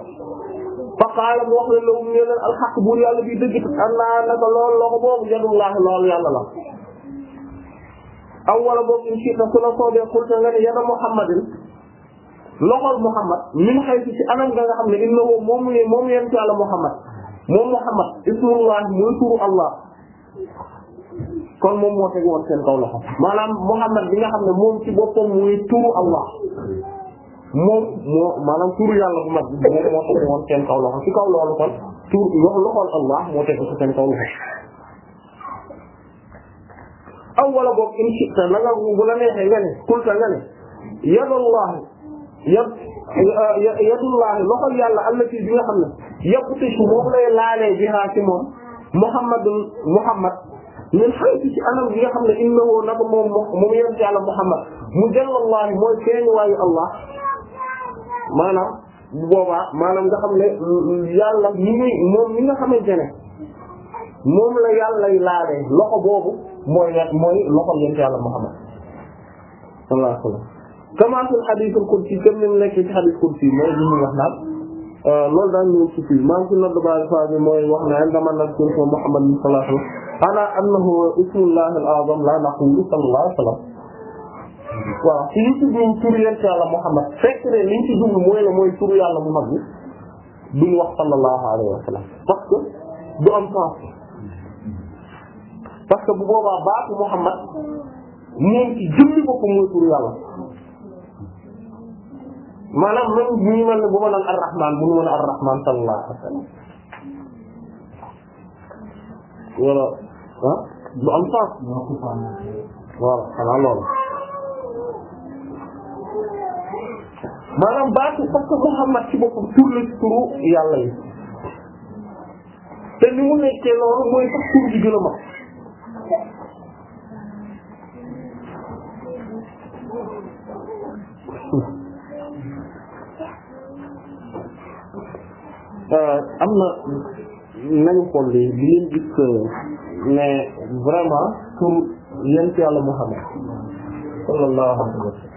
Speaker 1: fa qaala mu wax leen la um ne leen alxaq buur yàlla bi dëgg an naa naka lool loxo boobu yadullah lool yàlla la aw wala boog in siita su la soobee xulta nga ne yada muhammadin loxol muhammad min xaytu ci anam nga nga xam ne inna woo moom ne moom yenn ci àlla muhammad moom muhammad ismullahi mooy turu allah kon moom moo teg woon seen kaw loxo maanaam muhammad bi nga xam ne moom ci boppam mooy turu allah moom moo maanaam turu yàlla bu mag moom moo teg woon seen kaw loxo ci kaw loolu kon turu loxol allah moo teg ci seen kaw loxo aw wala boog in shi'ta la nga bu la neexee nga kulta nga ne yadullahi yad yadullahi loxol yàlla bi nga xam ne yabtishu moom lay moom muhammadun muhammad min haythu ci anam xam ne innahu naka yàlla muhammad mu jallallahi mooy waayu allah maanaam bu boobaa maanaam nga xam ne yàlla ñi ngi moom mi nga xamante ne moom la yàlla lay laalee loxo boobu mooy mooy loxol yent yàlla Muhammad sallallahu alayhi wa sallam commencé xadiisul kursi comme ni mu nekk ci xadiisul kursi mooy li mu wax naan euh, loolu daan ñëw ci fii maa ngi si nodd bayi fa bi mooy wax ne dama nag kon ko Muhammad sallallahu alayhi wa sallam ana annahu ismullahi al-azam la naqulu sallallahu alayhi wa sallam waaw si ñu ci jëm tur yent yàlla Muhammad fekk ne liñ ci jublu mooy la mooy tur yàlla mu mag bi duñ wax sallallahu alayhi wa sallam parce que du am sens parce que bu boobaa baatu Muhammad moom ci jëmmi boppam mooy turu yàlla maanaam man bu ñu mel ne bu ma naan ar-Rahman bu ñu mën a ar-Rahman sallallahu alayhi wa sallam voilà ah lu am sens. voilà xanaa loolu. maanaam baatu parce que Muhammad ci boppam tur la ci turu yàlla yi te ni mu nekkee loolu mooy sax tur bi gën a mag. am na nañu xool li ngeen gis mais vraiment pour yent yàlla Muhammad sallallahu alayhi wa sallam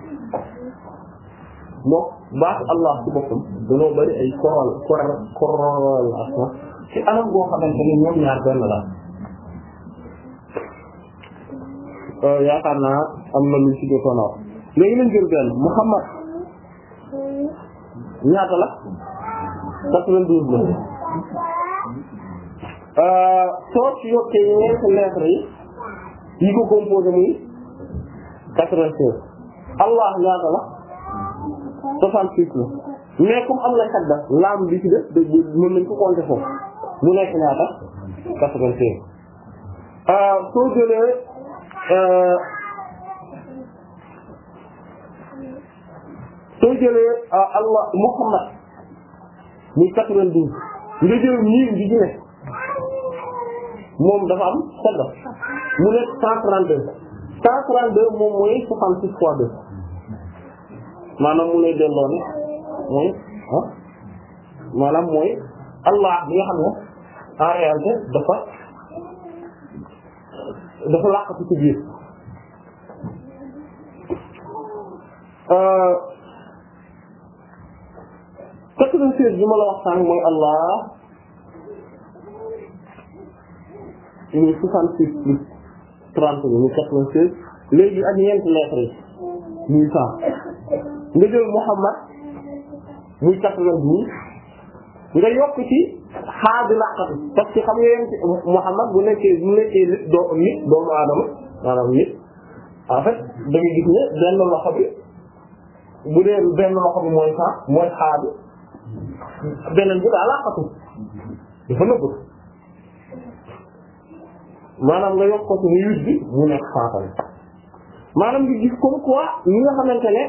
Speaker 1: moom baax Allah ci boppam dañoo bari ay koral koral corrélation ci anam goo xamante ni ñoom ñaar benn la euh, yaakaar naa am na lu ci jotoon a wax léegi nañ jël benn Muhammad la quatre-vingt-douze la
Speaker 2: Euh,
Speaker 1: soo ci yokkee ñeenti lettres yi yi ko composé muy quatre-vingt-seize allah ñaata la soixante-six la mais comme am na kadda laam bi ci def dégg mën ko compter foofu mu nekk ñaata quatre-vingt-seize euh, soo jëlee euh, soo jëlee allah muhammad muy quatre-vingt-douze nga jël mille bi ci nekk moom dafa am xodda mu nekk cent trente deux cent trente deux moom mooy soixante six fois deux maanaam mu lay delloo ne mooy ah maanaam mooy allah bi nga xam ne en réalité dafa dafa làqatu ci biir euh, quatre-vingt-seize bi ma la wax sànq mooy Allah muy soixante-six plus trente bi muy quatre-vingt-seize léegi ak ñeenti lettres yi muy cent nga jël Muhammad muy quatre-vingt-douze nga yokk ci xaa bi làqatu parce Muhammad bu nekkee bu nekkee nit doo nit doomu aadama maanaam nit en fait da nga gis ne benn loxo bi bu dee benn mooy cent mooy xaa bi beneen bi daa laqatu dafa nëbbu maanaam nga yokk ko ci wuyus bi mu nekk faafal maanaam nga gis comme quoi ñi nga xamante ne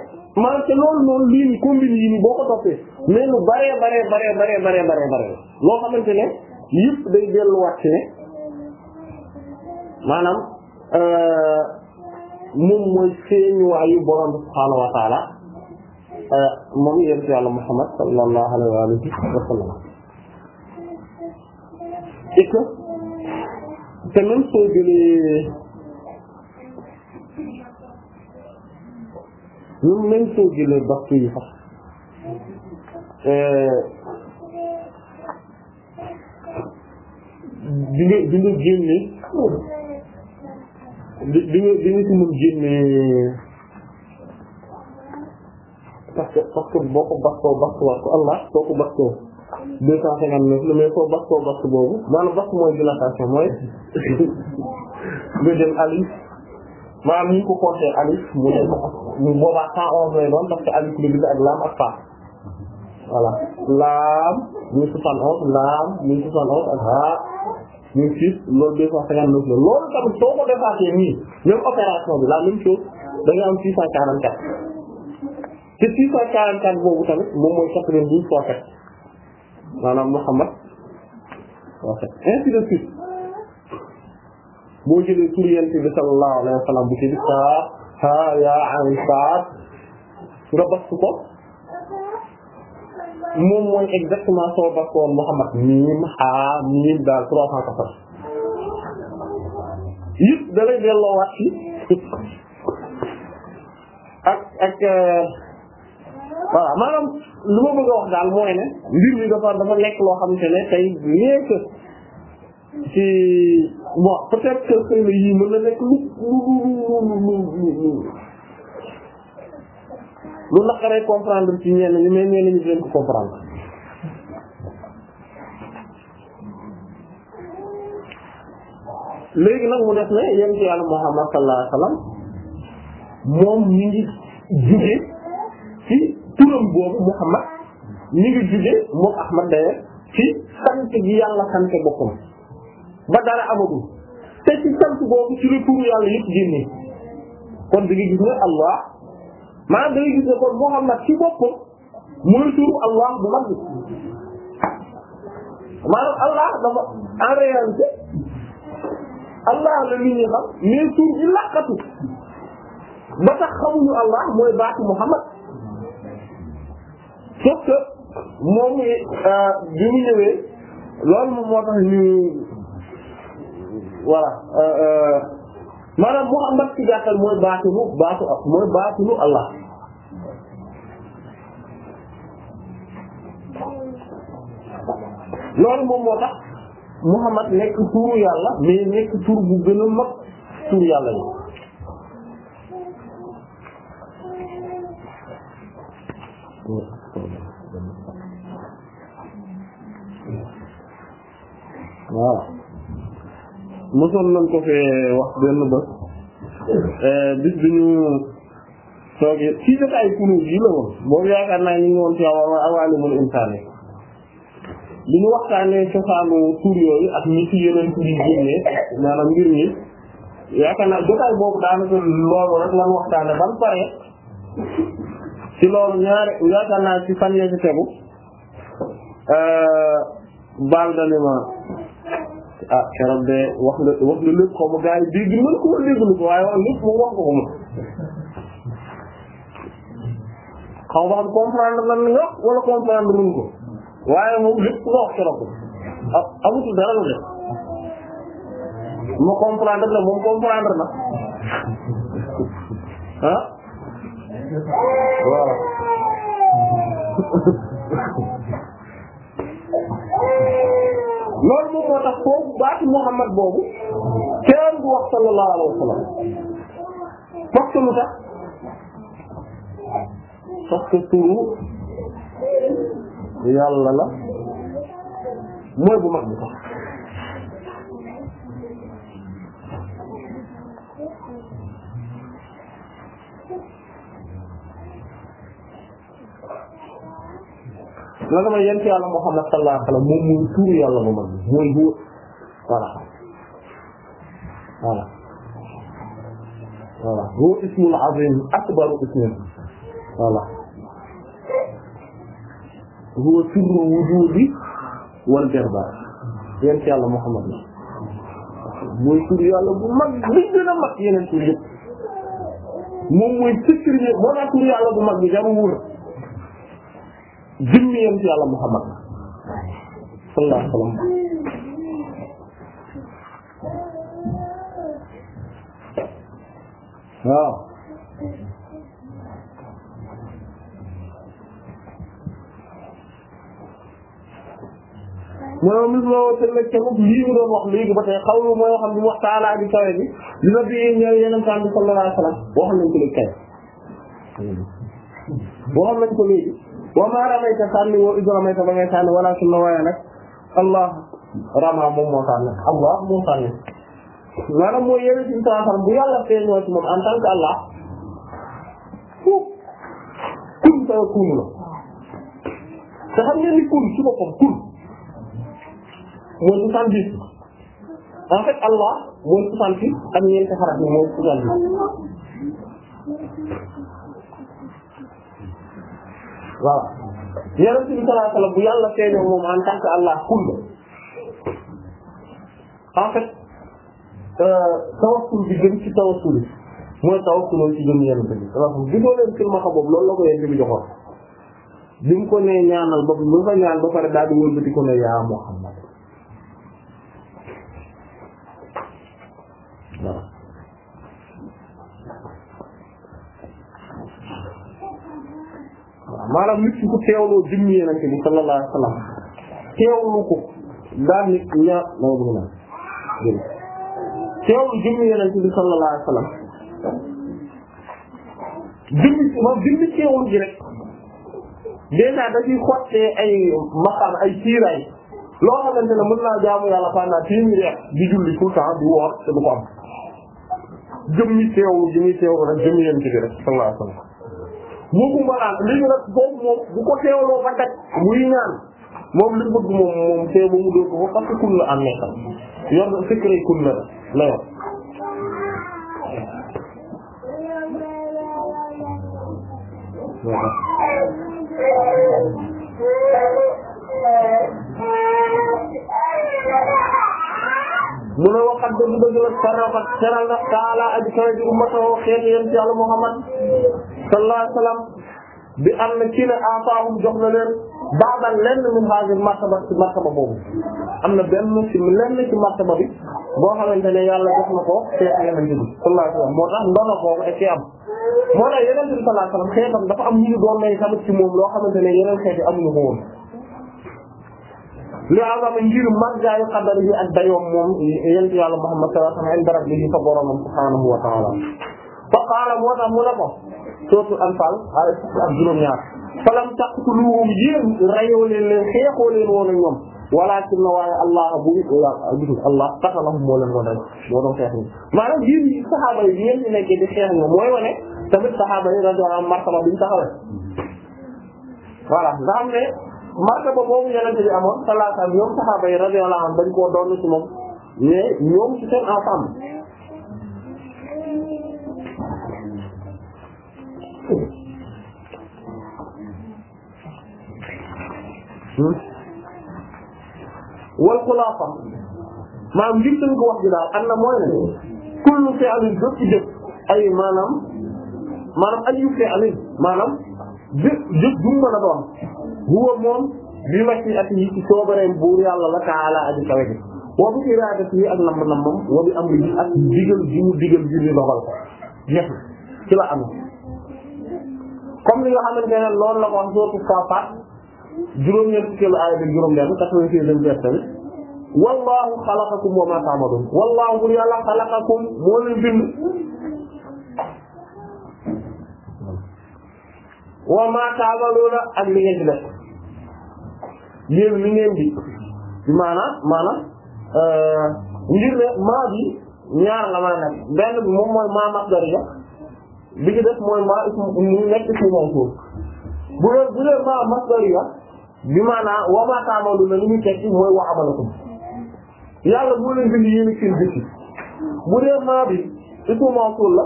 Speaker 1: maanaam te loolu noonu yi nii boo ko toppee lu baree baree baree baree baree baree baree loo xamante ne yëpp day delluwaat ci ne maanaam euh, moom mooy feeñuwaayu borom bi subhaanahu moom yonent yàlla Muhammad sallallahu alayhi wa sallam et que te même soo jëlee ñun même soo jëlee baxtu yi sax parce que parce que boo ko baxtoo baxtuwaat ko Allah soo ko baxtoo deux cent cinquante neuf la mais soo baxtoo baxtu boobu maanaam baxtu mooy dilatation mooy nga dem alif maanaam ni ñu ko compter alif mu dem mu boobaa cent onze lay doon parce que alif la bind ak laam ak faa voilà laam mille soixante onze laam mille soixante onze ak haa mille six loolu deux cent cinquante neuf la loolu tamit soo ko defaatee nii même opération bi la même chose da nga am six cent quarante quatre te 644 boobu tamit moom mooy 92 fois 7 maanaam Muhammad fois 7 ainsi de suite boo jëlee tur yent bi sallallahu alayhi wa sallam bu ci bi saa saa yaa am saa nga bas ko moom mooy exactement soo bas woon Muhammad miim xaa miim daal
Speaker 2: 314
Speaker 1: yëpp da lay delloowaat ci ak ak. Euh, voilà maanaam lu ma bëgg a wax daal mooy ne mbir mi dafa dafa nekk loo xamante ne tey bien que ci bon peut-être que xëy na yii mën na nekk lu lu lu lu naqaree comprendre ci ñenn ñi mais ñenn ñi leen ko comprendre léegi nag mu def ne yéen ci yàlla Muhammad sallallahu alayhi wasallam moom mi ngi jugee ci turam boobu Muhammad ñi ngi juge moom Ahmad daye ci sant gi yàlla sant boppam ba dara amagul te ci sant boobu ci la turu yàlla yëpp génne kon da nga gis Allah maanaam da nga gis kon Muhammad ci boppam mooy turu Allah bu mag maanaam Allah dafa en réalité Allah la nit ñi xam mais tur bi laqatu ba Allah mooy baatu Muhammad sauf que moom euh, bi mu ñëwee loolu moom moo tax ñu voilà euh, euh, maanaam Muhammad ci gàttal mooy baatinu baatu mooy baatinu Allah loolu moom moo tax Muhammad nekk tuuru yàlla mais nekk tuur bu gën mag tuuru yàlla yi waaw mosoon nañ ko fee wax benn bés eh, bis bi ñu toogee ci jotaay kunuut yi la woon boobu yaakaar naa ñu ngi woon ci awaalimul insaan yi bi ñu waxtaanee cosaanu tur yooyu ak ñi ci yeneen tur yi génnee maanaam mbir mi yaakaar naa jotaay boobu daanaka loolu rek lan waxtaane ban pare ci loolu ñaari yaakaar naa ci fan yee ci tegu eh, baal dani ma ah keroog de wax nga wax nga lépp xaw ma gars yi dégg mën ko woon dégg ko waaye wax lépp moom wax nga ko moom xaw ma am comprendre lan nga wax wala comprendre mën ko waaye moom lépp nga wax keroog ah amatul dara lu def ma comprendre la moom comprendre na ah waaw loolu moom moo tax foofu baatu Muhammad boobu kenn du wax sallallahu alayhi wa sallam parce que lu tax parce que turu yàlla la mooy bu mag na nga ma yent yàlla Muhammad sallallahu alayhi bu mag mooy bu voilà voilà voilà huwa ismul azim akbaru ismin voilà wujudi wal jarbar yent yàlla Muhammad la mooy tuuru bu mag bi gën jëmmi yonent yàlla Muhammad sallallahu alayhi wa sallam waaw ñoom mis loo te nag ca bopp lii mu doon wax léegi ba tey xawlu mooy waxam bi mu wax taalaa bi kawe bi li na bi ñëw yeneen taan bi sallallahu alayhi wa sallam waxam nañ ko léegi kay waxam nañ ko léegi wa maa ramayta sànni wa iz wala sunna waaye nag allah rama moom moo sànni allah moo sànni maanaam mooy yéen ci sallallahu bu yàlla feeñoo ci moom en tant que allah kun sa kun la te xam ngeen kun ci boppam kun mooy soixante-dix en fait allah mooy soixante-dix ak ñeenti xaraf yi mooy soixante waaw yonent bi sallallahu alayhi wasallam bu yàlla feeñoo moom en tant Allah kun en fait euh, tawassul bi gën ci tawassul mooy tawassul ci gëm yonent bi sallallahu alayhi wasallam gisoo leen silmaxa boobu loolu la ko yonent bi joxoon bi mu ko nee ñaanal ba ba fa ñaan ba pare daal di wëlbati ko ne yaa Muhammad maanaam nit ki ku teewloo jëmmi Yonent bi sallallahu alayhi wa sallam teewlu ko daal nit ñaar moo bëgg naa jël teewlu jëmmi Yonent bi sallallahu alayhi wa sallam jëmmi moom jëmmi teewlu ji rek déjà dañuy ay maqaam ay kiiraay loo xamante ne mën naa jaamu yàlla pendant téeméeri at di julli tout le temps di woor te du ko am jëmmi teewlu ji muy teewlu rek jëmmi Yonent bi boobu mbalaan li ñu nag boobu moom bu ko teewloo ba daj muy ñaan moom li bëgg moom moom teew ba mu dóor ko parce que kun la am nekkal yor na secret kun la la yor mu ne waxat dëgg dëgg la teral na taala aji kawe ji ummatahu xeet yéen ci yàlla Muhammad sallallahu alayhi wa sallam bi am na ci ne afaahum jox na leen baaban lenn min haazil martaba ci martaba boobu am na benn ci lenn ci martaba bi boo xamante ne yàlla jox na ko xeet yeneen bi sallallahu alayhi wa sallam moo tax ndono boobu ak ci am moo tax yeneen bi sallallahu alayhi wa sallam xeetam dafa am ñu doon may tamit ci moom loo xamante ne yeneen xeet yi amuñu ko woon li azama ngir marjaayu xadar yi ak dayoom moom yent yàlla Muhammad sallallahu alayhi wa sallam ay barab li fa boromam subhaanahu wa ta'ala fa qaala moo tax mu ne ko sootul anfal ay fukki ak juróom-ñaar falam taqtuluhum yéen rayoo leen leen xeexoo leen woon ak ñoom walaakin na waaye allah bu gis nga allah qatalahum moo leen doon rey moo xeex ñi maanaam yéen ñi saxaaba yi ngeen di nekkee di xeex ñoom mooy wane tamit saxaaba yi radiyallahu anhum martaba bi ñu taxawee ne martaba boobu yonente bi amoon sallallahu alayhi wa sallam ñoom saxaaba yi radiyallahu anhum dañ koo doon moom mais ñoom ci seen ensemble wal xulaafa maanaam ngir dañ ko wax ji am na mooy ne kullu fi'lin ay maanaam maanaam ay yu fi'lin maanaam jëf jëf doon huwa moom bi wàcci at yi ci soobareem la taala aji kawe gi wa bi iradati ak nam nam moom wa bi amri ak digal bi digal bi ñu ko ñett ci comme li nga xamante ne loolu la ko wax sootu Safat juróom-ñeent fukkeelu aaya bi juróom-benn quatre-vingt-seizième verset bi wallaahu xalaqakum wa maa ta'maluun wallaahu bu yàlla xalaqakum moo leen bind wa maa ta'maluuna ak li ngeen di def yéen li ngeen euh, ngir ne maa bi ñaar la mën a nekk benn bi moom mooy maa masdariya li ci des mooy maa bi maanaa wa maa ta'maluuna li ñu tekki mooy wa amalakum yàlla moo leen bind yéen seen bëccëg bu dee maa bi ismu mawsuul la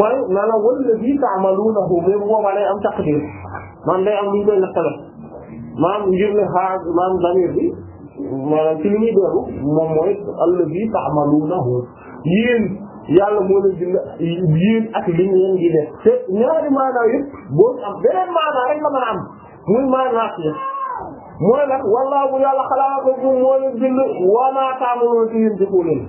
Speaker 1: mooy na la wallazii ta'maluunahu mais bu boobaa day am taqdiir maanaam day am lu ñu koy nattale maanaam ngir ne xaar maanaam damir bi maanaam ci li muy dellu moom mooy allazii ta'maluunahu yéen. yàlla moo leen bind yéen ak li ñu leen di def te ñaari maanaa yëpp boo am beneen maanaa rek la mën muy maanaa ci mooy nag wallaahu bu yàlla xalaqakum moo leen bind wa maa ta'maluun ci yéen jëfoo leen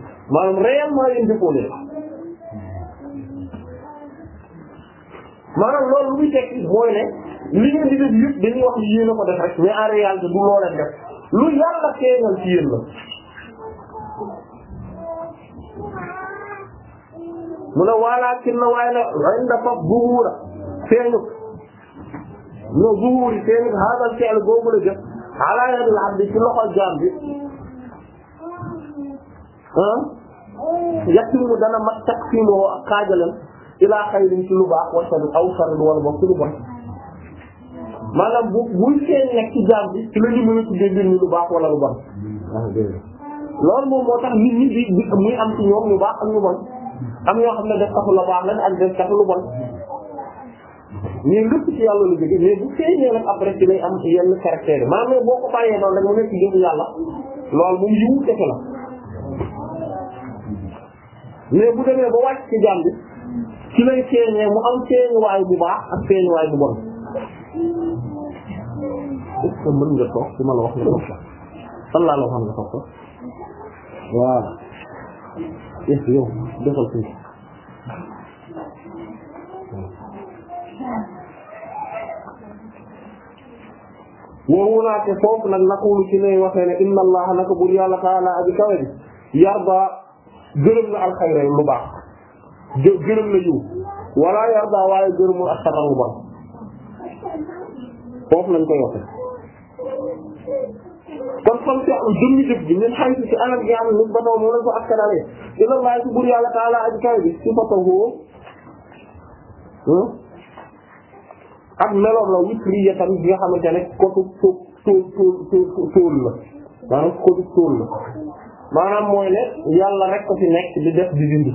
Speaker 1: maanaam loolu lu tekki mooy ne li ngeen di def wax yéen a ko def rek mais en réalité du loo leen def lu yàlla feeñal ci yéen la. mu ne walakin na waaye na inda faf zuhura feeñu no zuhuri feeñu haadal fi'l googu la jëf ala yadil abdi ci loxo jaam bi yatimu dana mat taqsimuhu ak xaajalem ilaa xayrin ci lu baax wasan aw sarin wala ba ci lu bon maanaam bu buy feeñ nekk ci jaam bi ci la ñu mën a tuddee mbir mi lu baax wala lu bon ah, loolu moom moo tax nit ñi di muy am ci ñoom lu baax ak lu bon am yoo xam ne def taxu la baax lañ ak def taxu lu bon mais lépp ci yàlla lu jóge mais bu feeñee nag après ci lay am ci yenn caractère yi maanaam boo ko bàyyee noonu rek mu nekk jëm yàlla loolu moom yiwu kese la mais bu demee ba wàcc ci jàmbi ci lay feeñee mu am feeñuwaay bu baax ak feeñuwaay bu bon
Speaker 2: est-ce que mën nga toog
Speaker 1: ci ma la wax nga toog sax fan laa la waxoon nga toog sax voilà eh yow defal ko woowu naa te foofu nag naqulu ci lay waxee ne inna allaha naka bur yàlla taala aji kawe bi yarda gërëm na alxayra lu baax gërëm na yiw wala yarda waaye gërëmul ak sarra lu bon foofu lañ koy waxee kon comme que am jëmmi jëf bi ñun xay si si anam gi am ñun ba taw moom lañ ko askanalee dina bàyyi si bur yàlla taala aji kaw bi si fatahu hmm? ak meloom la witriya tamit bi nga xamante ne kotu tóol tóol tóol tóol la maanaam kotu tóol la maanaam mooy ne yàlla rek ko fi nekk di def di dindi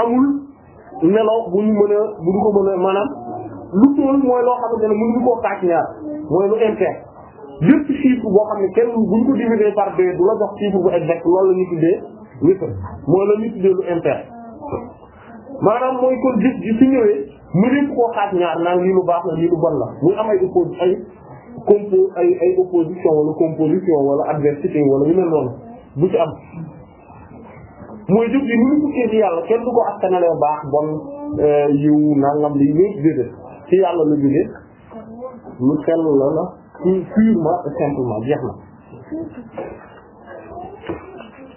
Speaker 1: amul melo bu ñu mën a bu ñu ko mën a maanaam lu tóol mooy loo xamante ne mënuñu koo kaaj ñaar mooy lu impair lépp chiffre boo xam ne kenn buñ ko diviser par deux du la jox chiffre bu exact loolu la ñu tuddee witr mooy la tuddee lu impair maanaam mooy kon gis gi su ñëwee mu lépp koo xaaj ñaar naan lii lu baax la lii lu bon la muy am ay oppos ay compo ay ay opposition wala composition wala adversité wala yu mel noonu bu ci am mooy jëf bi mënu tukkee ci yàlla kenn du ko askanale baax bon euh, yiw nangam li lépp déedéet ci yàlla la jógee lu sell la la ci purement et simplement jeex na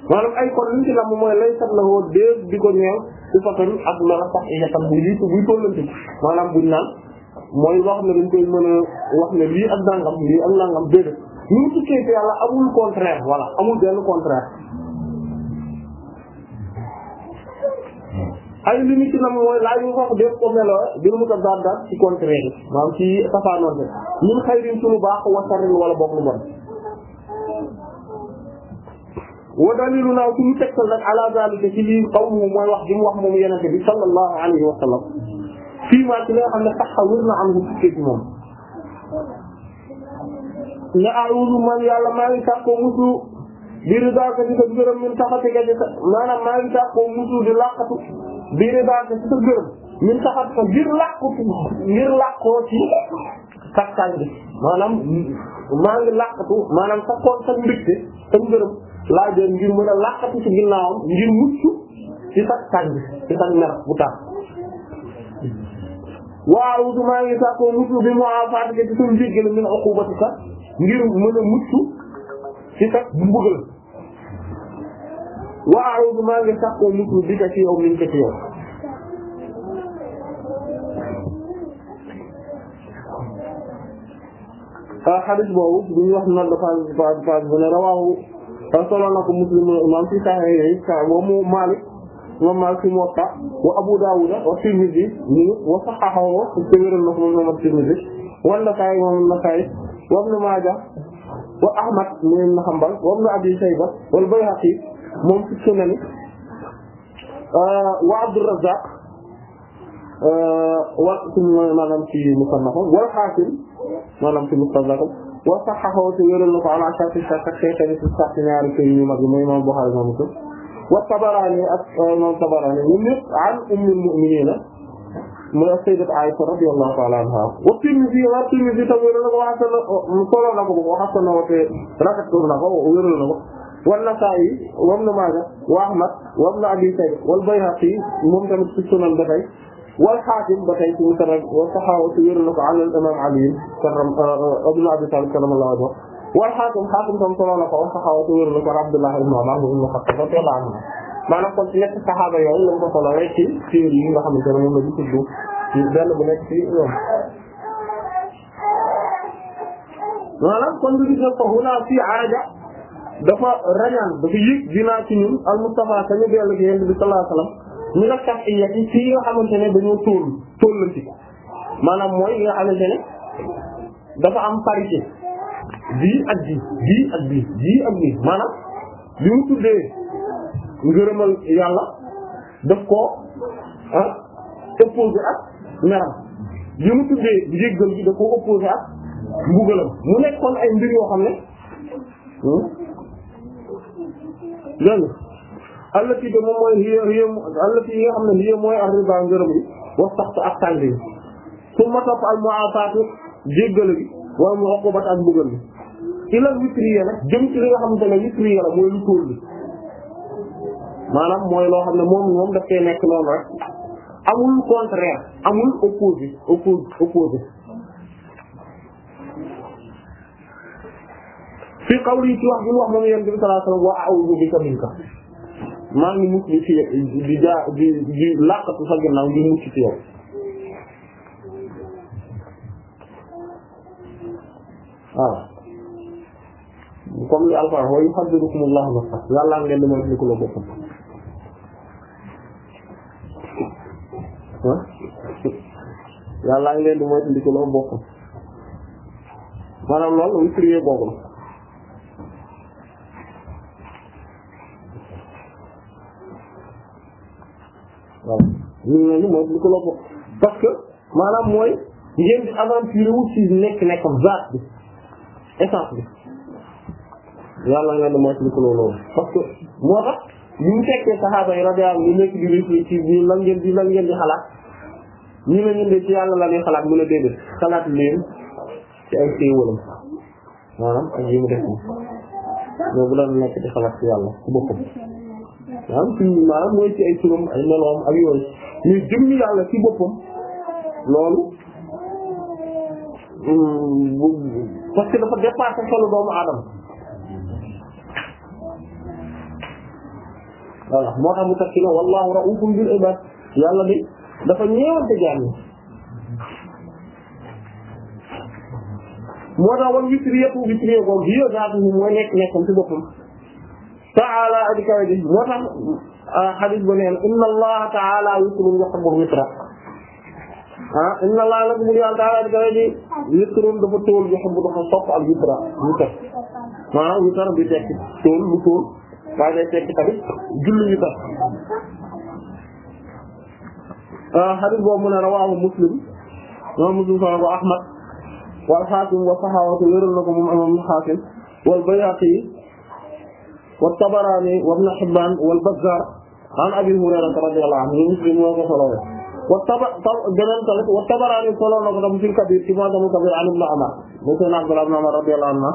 Speaker 1: maanaam ay kon liñ ci lay sat la woo déeg di ko ñeew su fatan ak mela sax iyatam bu lii buy tollante maanaam buñ naan mooy wax xam ne dañ koy mën a wax ne lii ak nangam lii ak nangam déedéet ñu ngi tukkee ci yàlla amul contraire voilà amul benn contraire ay li ñu ci nam mooy laaj yu ko def ko meloo dina mu ko daan daan ci contraire bi maanaam ci safaanoor bi ñun xayrin suñu baax wa sarrin wala boog lu bon wa dalilu naaw suñu tegtal nag ala zalika ci lii qawlu mooy wax bi mu wax moom yenente bi sallallahu alayhi wa sallam fii maa ci li nga xam ne sax wér na am lu tukkee ci moom ne a'udhu man yàlla maa ngi sàkko musu di ridaaka di sa gërëm min taxati ga di sa maanaam maa ngi sàkko musu di laqatu bii de baax na gërëm ñun saxat ko ngir làqu ngir làqoo ci sakkan bi maanaam maa ngi làqatu maanaam sa koon sa mbégte sa ngërëm laa jël ngir mën a làqatu ci ginnaawam ngir mucc ci sakkan bi ci sa mer bu tax waaw maa ngi sax ko mucc bi mu afaat ci suñu jéggal min uqubatika ngir a mucc ci sa mbugal wa a'udhu maa ngi sàkkoo muslu bi ka ci yow min ko ci yow xadis boobu bu ñuy wax noonu dafa dafa dafa bu ne rawaahu solo na ko mu Malik wa Abu Dawud wa Tirmidhi ñu wa sahahahu ci wéral na wa Nasa'i wa Ibn Majah wa Ahmad ibn Hanbal wa Ibn Abi Shayba wal Bayhaqi moom fi ci ne euh, wa Abdur Razzaq euh, wa suñu maanaam ci musannafam wal Hakim maanaam ci musannafam wa sahhahahu te wéral na ko ala sharti shaykhayn ci ñaari kër yu mag yi mooy Imam Bukhari moom itam wa Tabarani ak euh, Imam Tabarani ñoom ñëpp an ummul mu'minina mooy sayyidat Aisha radiyallahu ta'ala anha wa Tirmidhi wa Tirmidhi tam wéral na ko waxasana solo na ko waxasana wate rafetlu na ko wéral na ko wa Nasaa'i wa Ibn Maaja wa Ahmad wa Ibn Abi Shayba wal Bayhaqi moom tamit ci sunan ba tey wal Haakim ba tey ci Musnad wa Saxaawatu wéeru na ko ala Imaam Ali uh, ibn Abi Taalib radiyallahu anhu wal Haakim Haakim tam solo na ko wa Saxaawatu wéeru na ko ala Abdullah ibn Umar ibn Khattab radiyallahu anhu maanaam kon ci ñetti saxaaba yooyu lañ ko solowee ci téere yi nga xamante ne moom la ñu tudd ci benn bu nekk ci ñoom maanaam kon du gis ne ko hunaa fii aaja dafa rañaan dafa yëg dinaa ci ñun al Mustafa sañu dellu ci yent bi sallallahu alayhi wasallam la tax iya ci ci nga xamante ne dañoo tóol tóollanti maanaam mooy li nga xamante ne dafa am parité bii ak bii bii ak bii bii ak bii maanaam li mu tuddee ngërëmal yàlla daf koo ah opposé ak meram li mu tuddee njéggal bi daf koo opposé ak mbugalam mu nekkoon ay mbir yoo xam ne
Speaker 2: hmm, dégg nga
Speaker 1: allati de moom mooy hiya allati yi nga xam ne hiya mooy ar-riba ngërëm yi wax sax ak tàng bi wala mu uqubat ak mbugal bi ilal witriya nag jëm ci li nga mooy lu tóol maanaam mooy loo xam ne moom moom daf koy nekk noonu rek
Speaker 2: amul contraire
Speaker 1: amul opposé opposé fii qawli ci wax bi mu wax moom yéen bi sallallahu alayhi wasallam wa a'udhu bika minka maa ngi mucc di fi di jaa di di làqatu sa ginnaaw ngir mucc ci yow. waaw comme li Alxuraan wa yuhadhirukum Allahu nafsah yàlla ngeen di moytu ko la boppam. ah yàlla ngeen di moytu ko la boppam maanaam loolu lu prié boobu la. ñooñu mooy lu ko lopp parce que maanaam mooy ngeen di aventure wu ci nekk nekkam zaat bi essence bi yàlla nga ne mooy lu ko loolu parce que moo tax li mu fekkee saxaaba yi radiyallahu anhum nekk di réfléchir ci lan ngeen di lan ngeen di xalaat ñu ne ñun de ci yàlla la ñuy xalaat mu ne déedéet xalaat leen ci ay xéewalam maanaam ak yi mu def moom loolu bu daan nekk di xalaat ci yàlla ci boppam maanaam ci maanaam mooy ci ay turam ay meloom ak yooyu. mais jëmmi yàlla ci boppam loolu parce que dafa dépassé xelu doomu aadama voilà moo tax mu tax ci ne wallahu ra'ufun bil ibad yàlla bi dafa ñeewante jaam ñi moo tax wan witri yëpp witri yëpp moom bi yow daal mooy nekk nekkam ci boppam ta'ala adikawe ji moo tax xadis ah, ba neen inna allaha taala witrun yuhibbul witra ah inna allaha nag mu yàlla taala di kawe ji witrun dafa tóol yuhibbu dafa sopp al witra witar ah, maanaam witar bi tekki tóol lu tóol waaye day tekki tamit julli witar xadis ah, boobu mu ne rawaahu muslim moom muslim solo ko ahmad wal xaakim wa saxaawatu wéral na ko moom imam xaakim wal bayhaqi wa tabaraani wa ibn hibbaan wal bazzaar an Abi Hurayra radiyallahu anhu Muslim moo ko solowee wa taba beneen tamit wa Tabaraani solo na ko tam fil Kabiir ci Mu'jamul Kabiir an Ibn Umar mu seen Abdullah ibn Umar radiyallahu anhu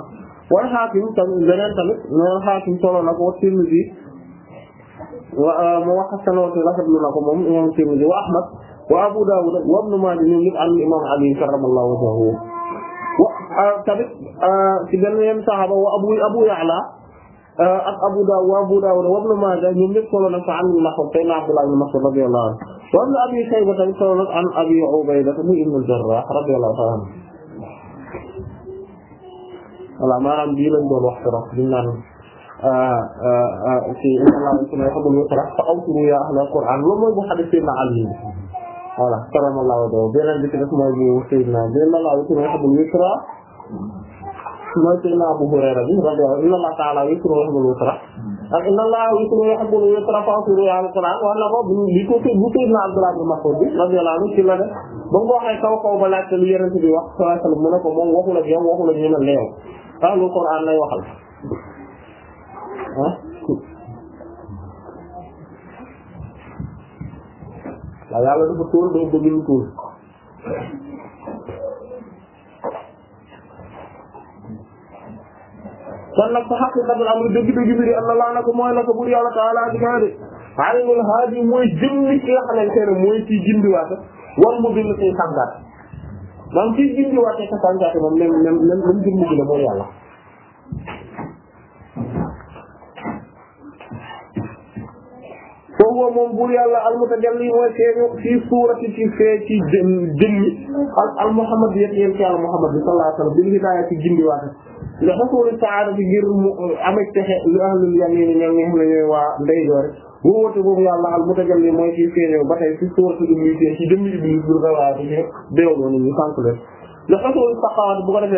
Speaker 1: wal Haakim tamit beneen tamit noon Haakim solo na ko wa Tirmidhi mu wax xasanoo te rafetlu na ko moom imam Tirmidhi wa Ahmad wa Abu Dawud wa Ibn Maaja ñoom ñëpp an imam Ali karramallahu wajhahu wa tamit ci beneen saxaaba wa Abu Abu Ya'la Euh, ak Abu Dawud wa Abu Dawud wa Ibn Maaja ñoom ñëpp solo nañ ko an Mas'ud sayyidina Abdullah ibn Mas'ud radiyallahu anhu wa Ibn Abi Shayba tamit solo nañ an Abi Ubayda muy ibn al-Jarrah radiyallahu ta'ala anhu voilà maanaam bii lañ doon wax trop di naan ci euh, euh, inna Allaha la yuhibbul yusra fa awtiru ya ahlal Qur'an loolu mooy bu hadith sayyidina Ali voilà karamallahu wajhahu beneen bi ci def mooy bu sayyidina inna Allaha la yuhibbul yusra mooy Seydina Abu Hurayra bi radiyallahu inna Allaha ta'ala yusra wa yuhibbul yusra ak inna Allaha yusra wa yuhibbul yusra fa'suru ya al ko li ko bu Seydina Abdullah ibn Mas'ud bi radiyallahu anhu ci la def ba mu ko waxee kaw kaw ba bi wax sallallahu alayhi wa sallam ko moom waxul ak yow waxul ak ñu mel ne yow ahlul Qur'an lay waxal ah waaw yàlla dafa tóol day déglu kon nag fa xaqiqatul amri dëgg-dëgg bi di am na laa ko mooy na ko bur yàlla taala di gaa de alimul haadi mooy jëmmi ki nga xamante ne mooy ci gindiwaate war mu bind ci sàngaat maanaam ci gindiwaate sa sàngaate moom même même même même jëmmi gi la mooy yàlla foofu moom bur yàlla almutajalli mooy feeñu ci suurati ci fee ci jëmmi al al muhammad yéen yéen ci bi sallallahu alayhi wa sallam bil hidaaya ci ndax xasawul sa bi ngir mu uh, amee texe li ahlul yamini ñoom ñi xam ne yàlla al mutajalli mooy ba tey ci sourate Iblis ci dëmm Iblis bu rawaati ci deewloo nit ñi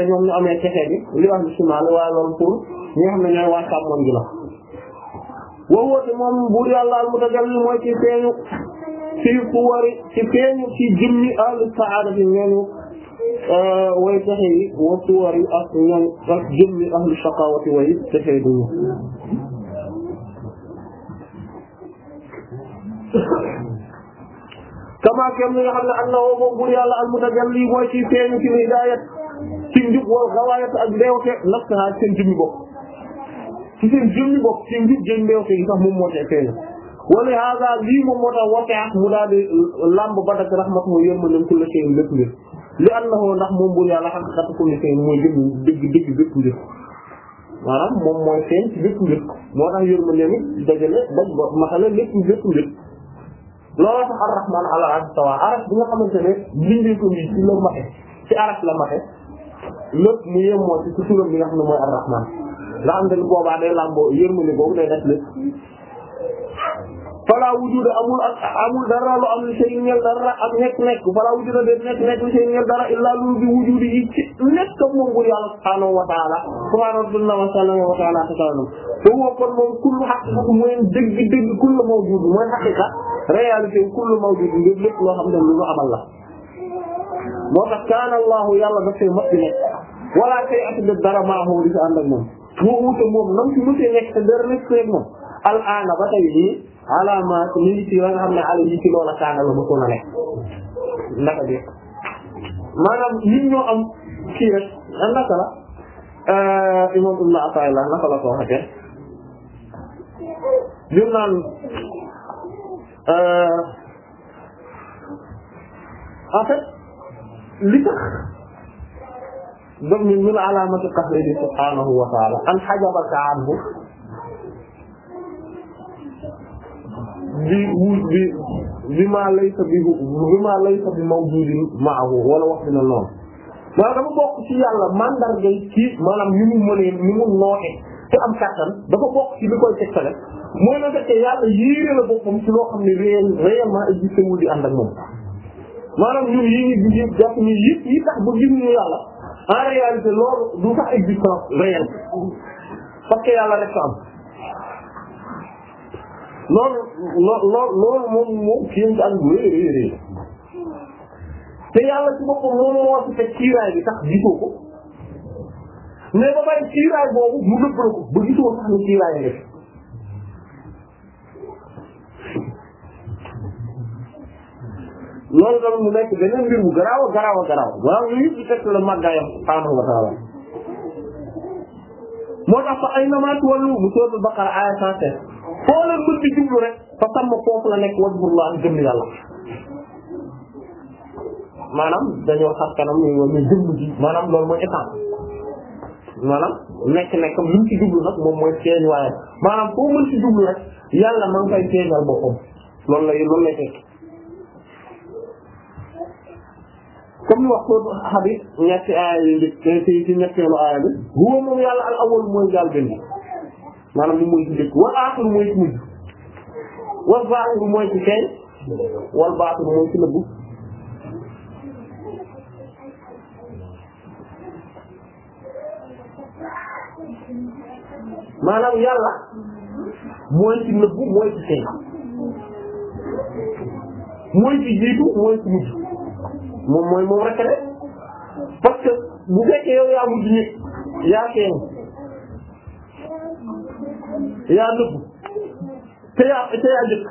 Speaker 1: ñoom ñu amee texe bi li ahlu shimaal waaye loolu pour ñi nga xam ne ñooy waa sàmmoon gi la boo woote moom buur al mutajalli mooy ci feeñu ci suwari ci feeñu ci jëmmi ahlu saada bi ñooñu Euh, way texe yi wa suwar yi ak ñoom ak jëmmi ahlu shaqawati way texe yi duñu kama kem ni nga xam ne am na woo moom bur yàlla almutajalli mooy ci feeñu ci hidayat ci njub wal gawayat ak mbeewte nafsaha ci seen jëmmi bopp ci seen jëmmi bopp ci njub jën mbeewte yi sax moom moo tee feeñu wala hada lii moom moo tax waqi mu daal di lamb ba dak rahmat mu yërma nem ku la seen lépp lépp li annahu ndax moom buur yàlla xaqiiqatu kulli shay'in mooy dëgg dëgg dëgg bépp mbir maanaam moom mooy feeñ ci bépp mbir moo tax yërmandeem it dajale daj ba maxale lépp bépp mbir looloo tax ar-rahmaan ala arsh istawaa arsh bi nga xamante ne bindeeku yi ci la mate ci arsh la mate lépp mu yemoo ci ci turam bi nga xam ne mooy ar-rahmaan nga xam ne boobaa boobu day def lépp fala wujuda amul ak amul dara lu am li seen ñel dara ak nekk-nekk fala wujuda de nekk-nekk li seen ñel dara illa lu bi wujudi yi ci nekk moom bu yàlla subhaanahu wa taala subhaanahu wa taala wa taala taala to wo kon moom kullu haqiqa mooy dëgg dëgg kullu mawjud mooy haqiqa réalité kullu mawjud lépp lépp loo xam ne lu ñu amal la moo tax kaana allahu yàlla dafay mat di nekk wala tay atida dara maaxoo di si ànd ak moom moo wuute moom nam si mosee nekk te dara nekk moom al aana ba tey nii alaama mi ngi la nga xam ne ala yi loola kaana la mosoon a naka bi maanaam ñun ñoo am kii rek a naka la euh, imam ibn Ata'illah naka la ko waxee ñu naan euh, en fait li tax dom min min alaamati qahrihi subhanahu wa ta'ala an hajabaka anhu
Speaker 2: bi wuuj bi
Speaker 1: bi maa laysa bi bi maa laysa bi mawjudin ma'ahu wala wax dina noonu maanaam dafa bokk ci yàlla mandargay ci maanaam ni mu mënee ni mu noote te am kàttan dafa bokk ci li koy tegtale mooy na fekkee yàlla yéere la boppam ci loo xam ne réel réellement existé wul di ànd ak moom maanaam ñun yi ngi gis jàpp ni yëpp yi tax ba gis ñu yàlla en réalité du sax existence réelle parce yàlla rek am loolu loo loolu moom moom kéem daan bu rëy rëy rëy te yàlla ci boppam moom moo ci teg kiiraay bi tax ko mais ba bari kiiraay boobu mu nëbb la ko ba gisoo sax ni kiiraay def loolu tamit mu nekk beneen mbir bu garaaw a garaaw a garaaw waaw yooyu yëpp di fekk la màggaayam subhaanahu wa taala moo tax fa ay namaat wàllu mu sóotul Baqara aaya 107 foo leen mën di jublu rek fa sàmm foofu la nekk wajhullah jëm yàlla maanaam dañoo xar kanam ñu wala jëmm ji maanaam loolu mooy état maanaam nekk nekkam li mu ci jublu nag moom mooy feeñ waaye maanaam foo mën ci jublu rek yàlla maa ngi fay feeñal boppam loolu lay loolu lay fekk comme ni wax ko xabit ñetti aaya yi ci ci ñetteelu aaya bi huwa moom yàlla al awwal mooy jaal benn maanaam moom mooy ci jëkk wal aaxiru mooy ci mujj wal zaahiru mooy ci feeñ wal baatinu mooy ci nëbbu maanaam yàlla mooy ci nëbbu mooy ci feeñ mooy ci jiitu mooy ci mujj
Speaker 2: moom mooy moom rek parce que
Speaker 1: bu fekkee yow yaa mujj nit yaa feeñ yaa nëbbu te yaa te yaa jëkk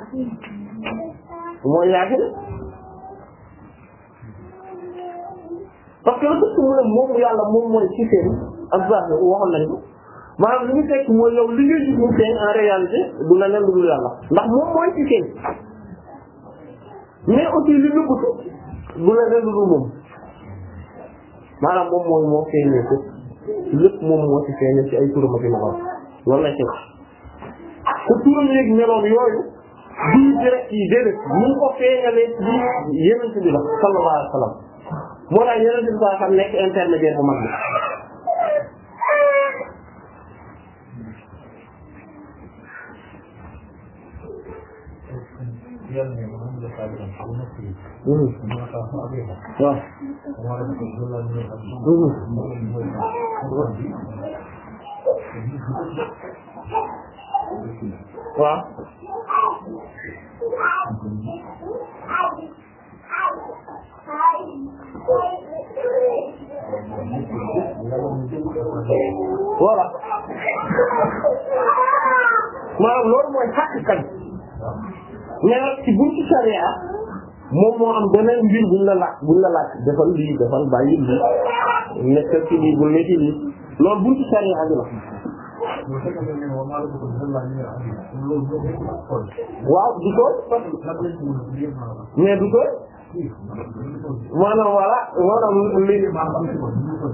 Speaker 1: mooy yaa ngi parce que la moom yàlla mooy ci seen ak zahir waxoon nañ ko maanaam li ñu fekk mooy yow li ngay gis mu feeñ en réalité du la leen dul yàlla ndax moom mooy ci seen mais aussi li nëbbutu du la leen dul moom maanaam moom mooy moo feeñee ko lépp moom moo ci feeñee ci ay turam ak i loolu la ci wax te turam yéeg meloom yooyu du direct yi déedéet ñu ngi ko feeñalee ci yeneen bi la sallallahu alayhi wa sallam moo
Speaker 2: tax yeneen waaw
Speaker 1: voilà maanaam loolu mooy xàqiqan mais nag ci buntu sariya moom moo am beneen mbir buñ la laaj buñ la laaj defal lii defal bàyyi lii nekkal ci lii bu nekk lii loolu buntu sariya bi la waaw du ko. mais du ko. maanaam voilà maanaam li.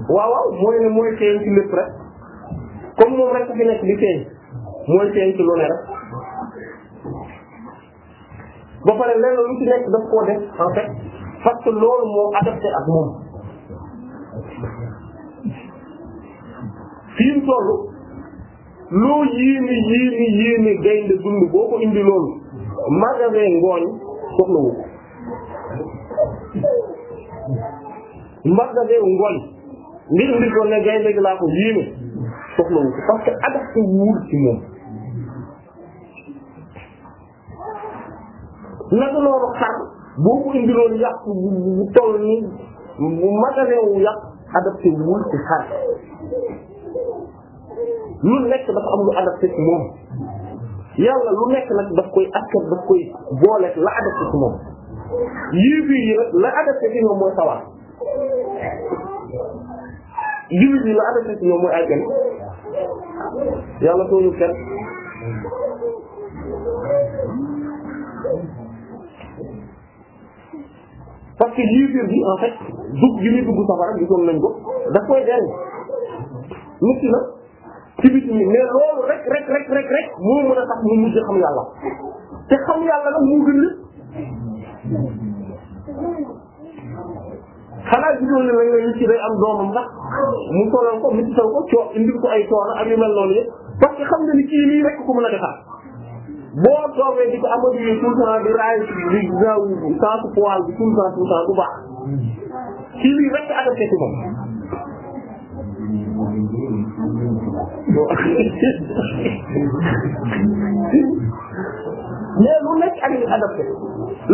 Speaker 1: waaw waaw mooy mooy feeñ ci lépp rek comme moom rek fi nekk di feeñ mooy feeñ ci lu ne rek. pare lenn lu ci nekk daf koo def ak moom. fi mu loo yéene yéene yéene gaynde dund boo ko indi loolu magasin ngooñ soxla wu ko ngooñ ngir indi ko ne gaynde gi laa ko yéene soxla wu parce que adapté wuul ci moom naka xar boo ko indi bu toll ni magasin wu yàq adapté wuul ci xar lu nekk dafa am lu adapté ci moom yàlla lu nekk nag daf koy askan daf koy boole la adapté ci moom yii yi nag la adapté ci ñoom mooy sawar jiw bi la adapté ci ñoom mooy ay kenn yàlla tooñu kenn parce que yéeféer bi en fait dugg gi muy dugg safara gisoon nañ ko daf koy dellu nit ki nag ci bit ñi mais loolu rek rek rek rek rek moo mën a tax mu mujj xam yàlla te xam yàlla nag moo gën lépp xanaa gisoon ne lañ la nit ci day am doomam ndax mu solal ko mu ci sol ko coo indil ko ay coono ak yu mel loolu yëpp parce que xam nga ni kii lii rek ko mën a defar boo toogee di ko amadoué tout le temps di raay di gaaw sensu poil bi tout le temps tout le temps du baax
Speaker 2: kii lii rek adapté ci mais
Speaker 1: lu nekk ak ñu adapté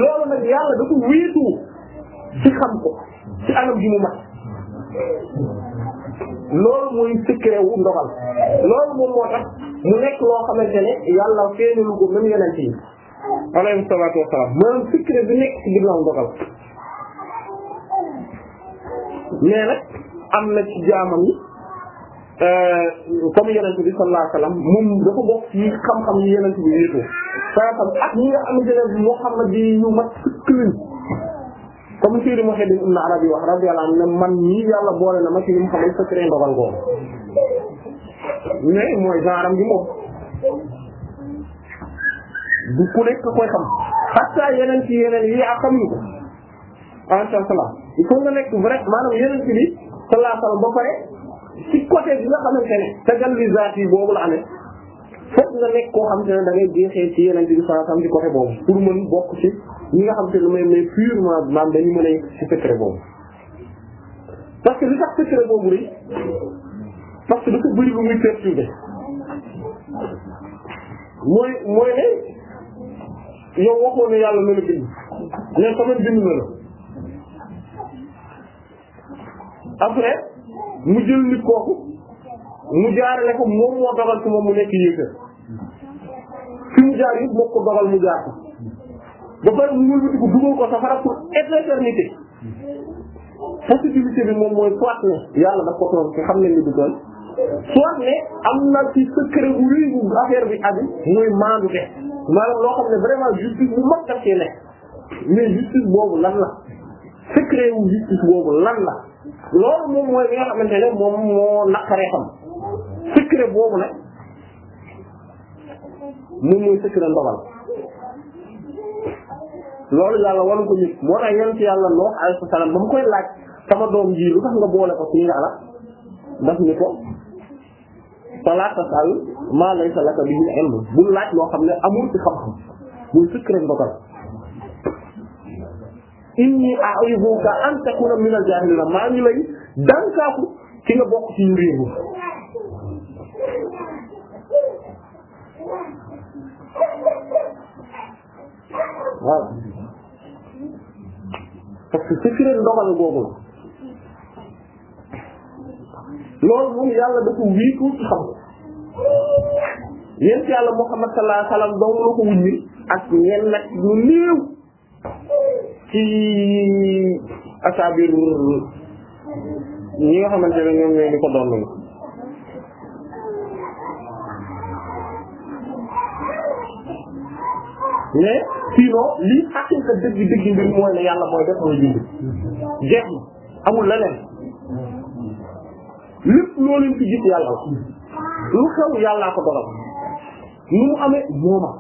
Speaker 1: loolu nag yàlla dafa wéetu ci xam ko ci anam gi mu mat loolu mooy secret wu loolu moom moo tax mu nekk loo xamante ne yàlla feeñalu ko même yonent yi alayhi salaatu wasalaam maanaam secret bi nekk ci ginnaaw ndogal mais nag am na ci jaamam yi Euh, comme yonent bi sallallahu alayhi wa sallam moom dafa bokk ci xam-xam yi yonent bi yéetu xam ak ñi nga xamante ne xam ne di ñu mat sëkk lañ comme Seydi Muhammad Ibn Arabi wax radiyallahu anhu ne man ñii yàlla boole na ma ci ñu mu xamal secret ndogal googu mais mooy genre am gi moom ku nekk koy xam hatta yeneen ci yeneen yi a xamuñu ko en tout cas il faut nga nekk vrai maanaam yeneen ci bi sallallahu alayhi ba pare ci côté bi nga xamante ne tajallizaat yi boobu la amee fokk nga nekk koo xamante ne da ngay jeexee ci yeneen yi saa sam ci côté boobu pour mën bokk ci ñi nga xamante ne may may purement maam dañu mën a yëg ci secret boobu parce que li tax secret boobu rek parce que dafa bëri lu muy perturbé mooy mooy
Speaker 2: ne
Speaker 1: yow waxoon ne yàlla noonu bind mais quand même bind na la après
Speaker 2: mu jël nit kooku
Speaker 1: mu jaarale ko moom moo dogal ci moom mu nekk yéeféer fi mu jaar yëpp ko dogal mu jaar ko ba pare ko dugal ko safara pour éternité possibilité bi moom mooy soit ne yàlla daf ko toog ci xam ne ni du doon soit ne am na ci secret bu rëy bu affaire bi abi mooy maandu te maanaam loo xam ne vraiment justice bu mag daf ci nekk mais justice boobu lan la secret wu justice boobu lan la loolu moom mooy nga xamante ne moom moo naqaree xam secret boobu nag
Speaker 2: moom mooy secret ndogal loolu
Speaker 1: yàlla waru ko nit moo tax yonent yàlla Nuux alayhi salaam ba mu koy laaj sama doom ji lu tax nga boole ko ci yàlla daf ni ko fala tasal maa laysa laka bihi ilm bul laaj loo xam ne amul ci xam-xam muy secret ndogal inni a'izuka an takuna minal jaahiliina maa ngi lay dankaaku ci nga bokk ci ñu réeru voilà parce que secret ndogal googu la loolu moom yàlla da ko wiitu ci xam yent Muhammad sallallahu alayhi wasallam dong la ak ñenn nag ñu ci asaabiru
Speaker 2: ñi nga xamante ne ñoom ñooy di ko doon
Speaker 1: mais sinon lii xaqiqa dëgg dëgg mbir mooy ne yàlla mooy def mooy bind jeex na amul leneen lépp loo leen fi gis yàlla la lu xew yàllaa ko dogal nu mu amee mooma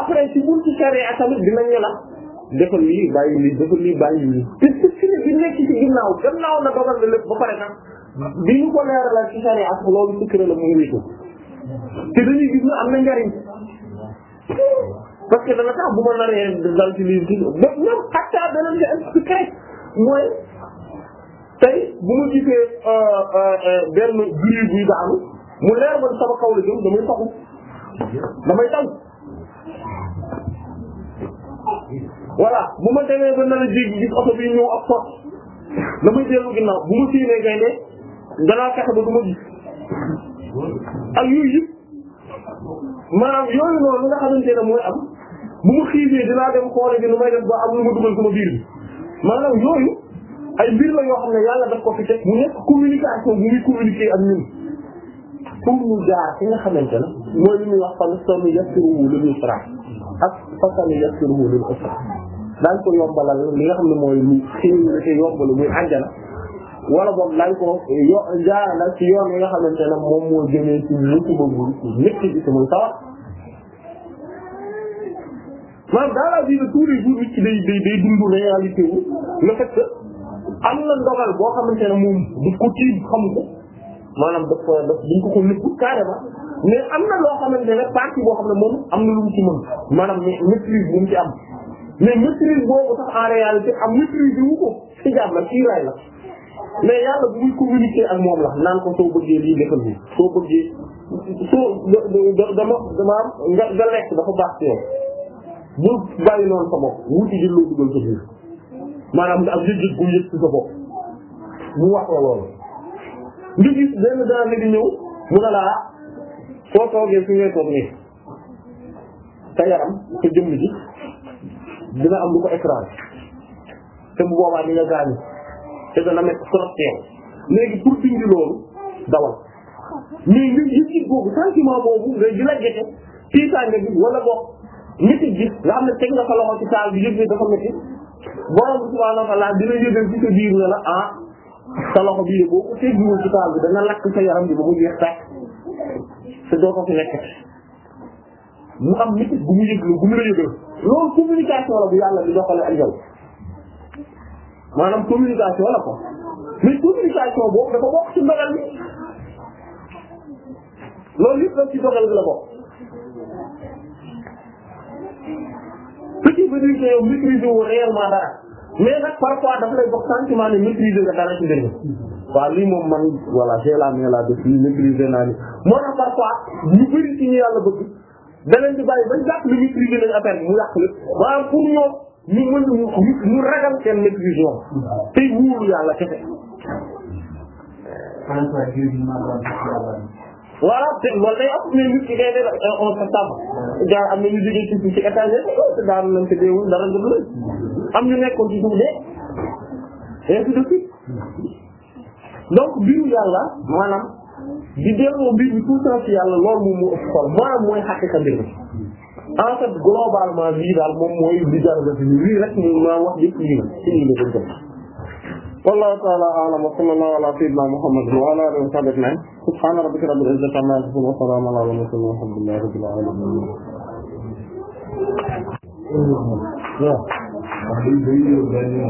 Speaker 1: après si buntu sharia tamit dinañu la defal lii bàyyi lii defal lii bàyyi lii te suuf si nekk ci ginnaaw gannaaw na dogal na lépp ba pare nag bi ñu ko leeralal la muy wéetu te dañuy gis ne am na njariñ parce que dana tax bu ma naree dal ba ñoom xattaa dana nga am secret mooy tey bu ma gisee euh, euh, euh, benn juri buy daanu mu leer man sama kaw la jëm damay taw voilà bu ma demee ba nar a jéggi gis oto bi ñëw ak fot damay ginnaaw bu ma siinee ngay ne danaa fexe ba du ma gis ak yooyu yëpp maanaam yooyu noonu nga xamante ne mooy am bu ma xiifee dinaa dem xoole bi nu may def ba am lu ma dugal sama biir bi maanaam yooyu ay mbir la yoo xam ne yàlla daf ko fi teg mu nekk communication bu muy communiquer ak ñun pour ñu jaar ci nga xamante ne mooy li ñuy wax fan sami yassiruhu lil yusra ak fa sami yassiruhu lil usra daañ ko yombalal li nga xam ne mooy lu si te yombalu muy àjjana wala boog daañ ko yo jaarale ci yoon yi nga xamante ne moom moo jëmee ci musiba bu métti bi ci muy sawar maanaam dans la vie de tous les jours ci day day day dund réalité wu le fait que am na ndogal boo xamante ne moom du ko tiim xamu ko maanaam daf ko daf duñ ko ko nëkku carrément mais am na loo xamante ne partie boo xam ne moom am na lu mu ci mën maanaam maîtrise bu mu ci am mais maîtrise boobu sax en réalité am maîtrise wu ko xijaab la kiiraay la mais yàlla bu muy communiquer ak moom la naan ko soo bëggee lii defal nii soo bëggee soo dama dama nga nga lekk dafa baax ci yow bul bàyyi noonu sa bopp wuti di loo dugal sa biir maanaam nga am yëg-yëg gu sa bopp mu wax la loolu nga gis benn daanaka di ñëw mu ne laa ah, soo toogee fi ngay toog nii sa yaram sa jëmm ji dina am lu ko écrasé te bu boobaa dina gaañu te dana métti trop teew léegi pour dindi dawal mais ñun yëpp ci boobu sentiment boobu nga dina jege yëg ne dafa métti ne la ah sa bi dana lakk sa yaram yëgal. loolu communication la bu yàlla di doxale ak yow maanaam
Speaker 2: communication la ko mais communication boobu dafa bokk ci ndogal bi loolu yëpp na ci ndogal bi la bokk
Speaker 1: ce qui veut dire que yow maîtriser wu réellement dara mais nag parfois daf lay bokk sentiment ne maîtriser nga dara ci mbir mi waaw lii moom man voilà j'ai la main là-dessus maîtriser naa ni moo tax parfois ñu bëri ci ñu yàlla bëgg da leen di bàyyi bañ jàpp ni maîtriser nañ affaire bi mu yàq lépp maanaam pour ñoom ñu mën ñu ragal seen maîtrise ñoom te wóolu yàlla kese. voilà te loolu day am mais nit ki day def on se tàmm gaa am na ñu jógee ci ci étage te daan nañ te deewul dara nga dul am ñu nekkoon ci suuf de ainsi de suite donc biiru yàlla maanaam. di delloo mbir bi tout le temps ci yàlla loolu moom moo ëpp solo maanaam mooy xaqiqa mbir mi en fait globalement lii daal moom mooy li jar a lii rek moom maa wax yëpp lii la ci lii la gën a wallahu ta'ala a'lam wa sallallahu ala sayyidina Muhammad wa ala alihi wa sahbihi ajma'in subhana rabbika rabbil izzati amma yasifun wa salamun ala al-mursalin walhamdulillahi
Speaker 2: rabbil alamin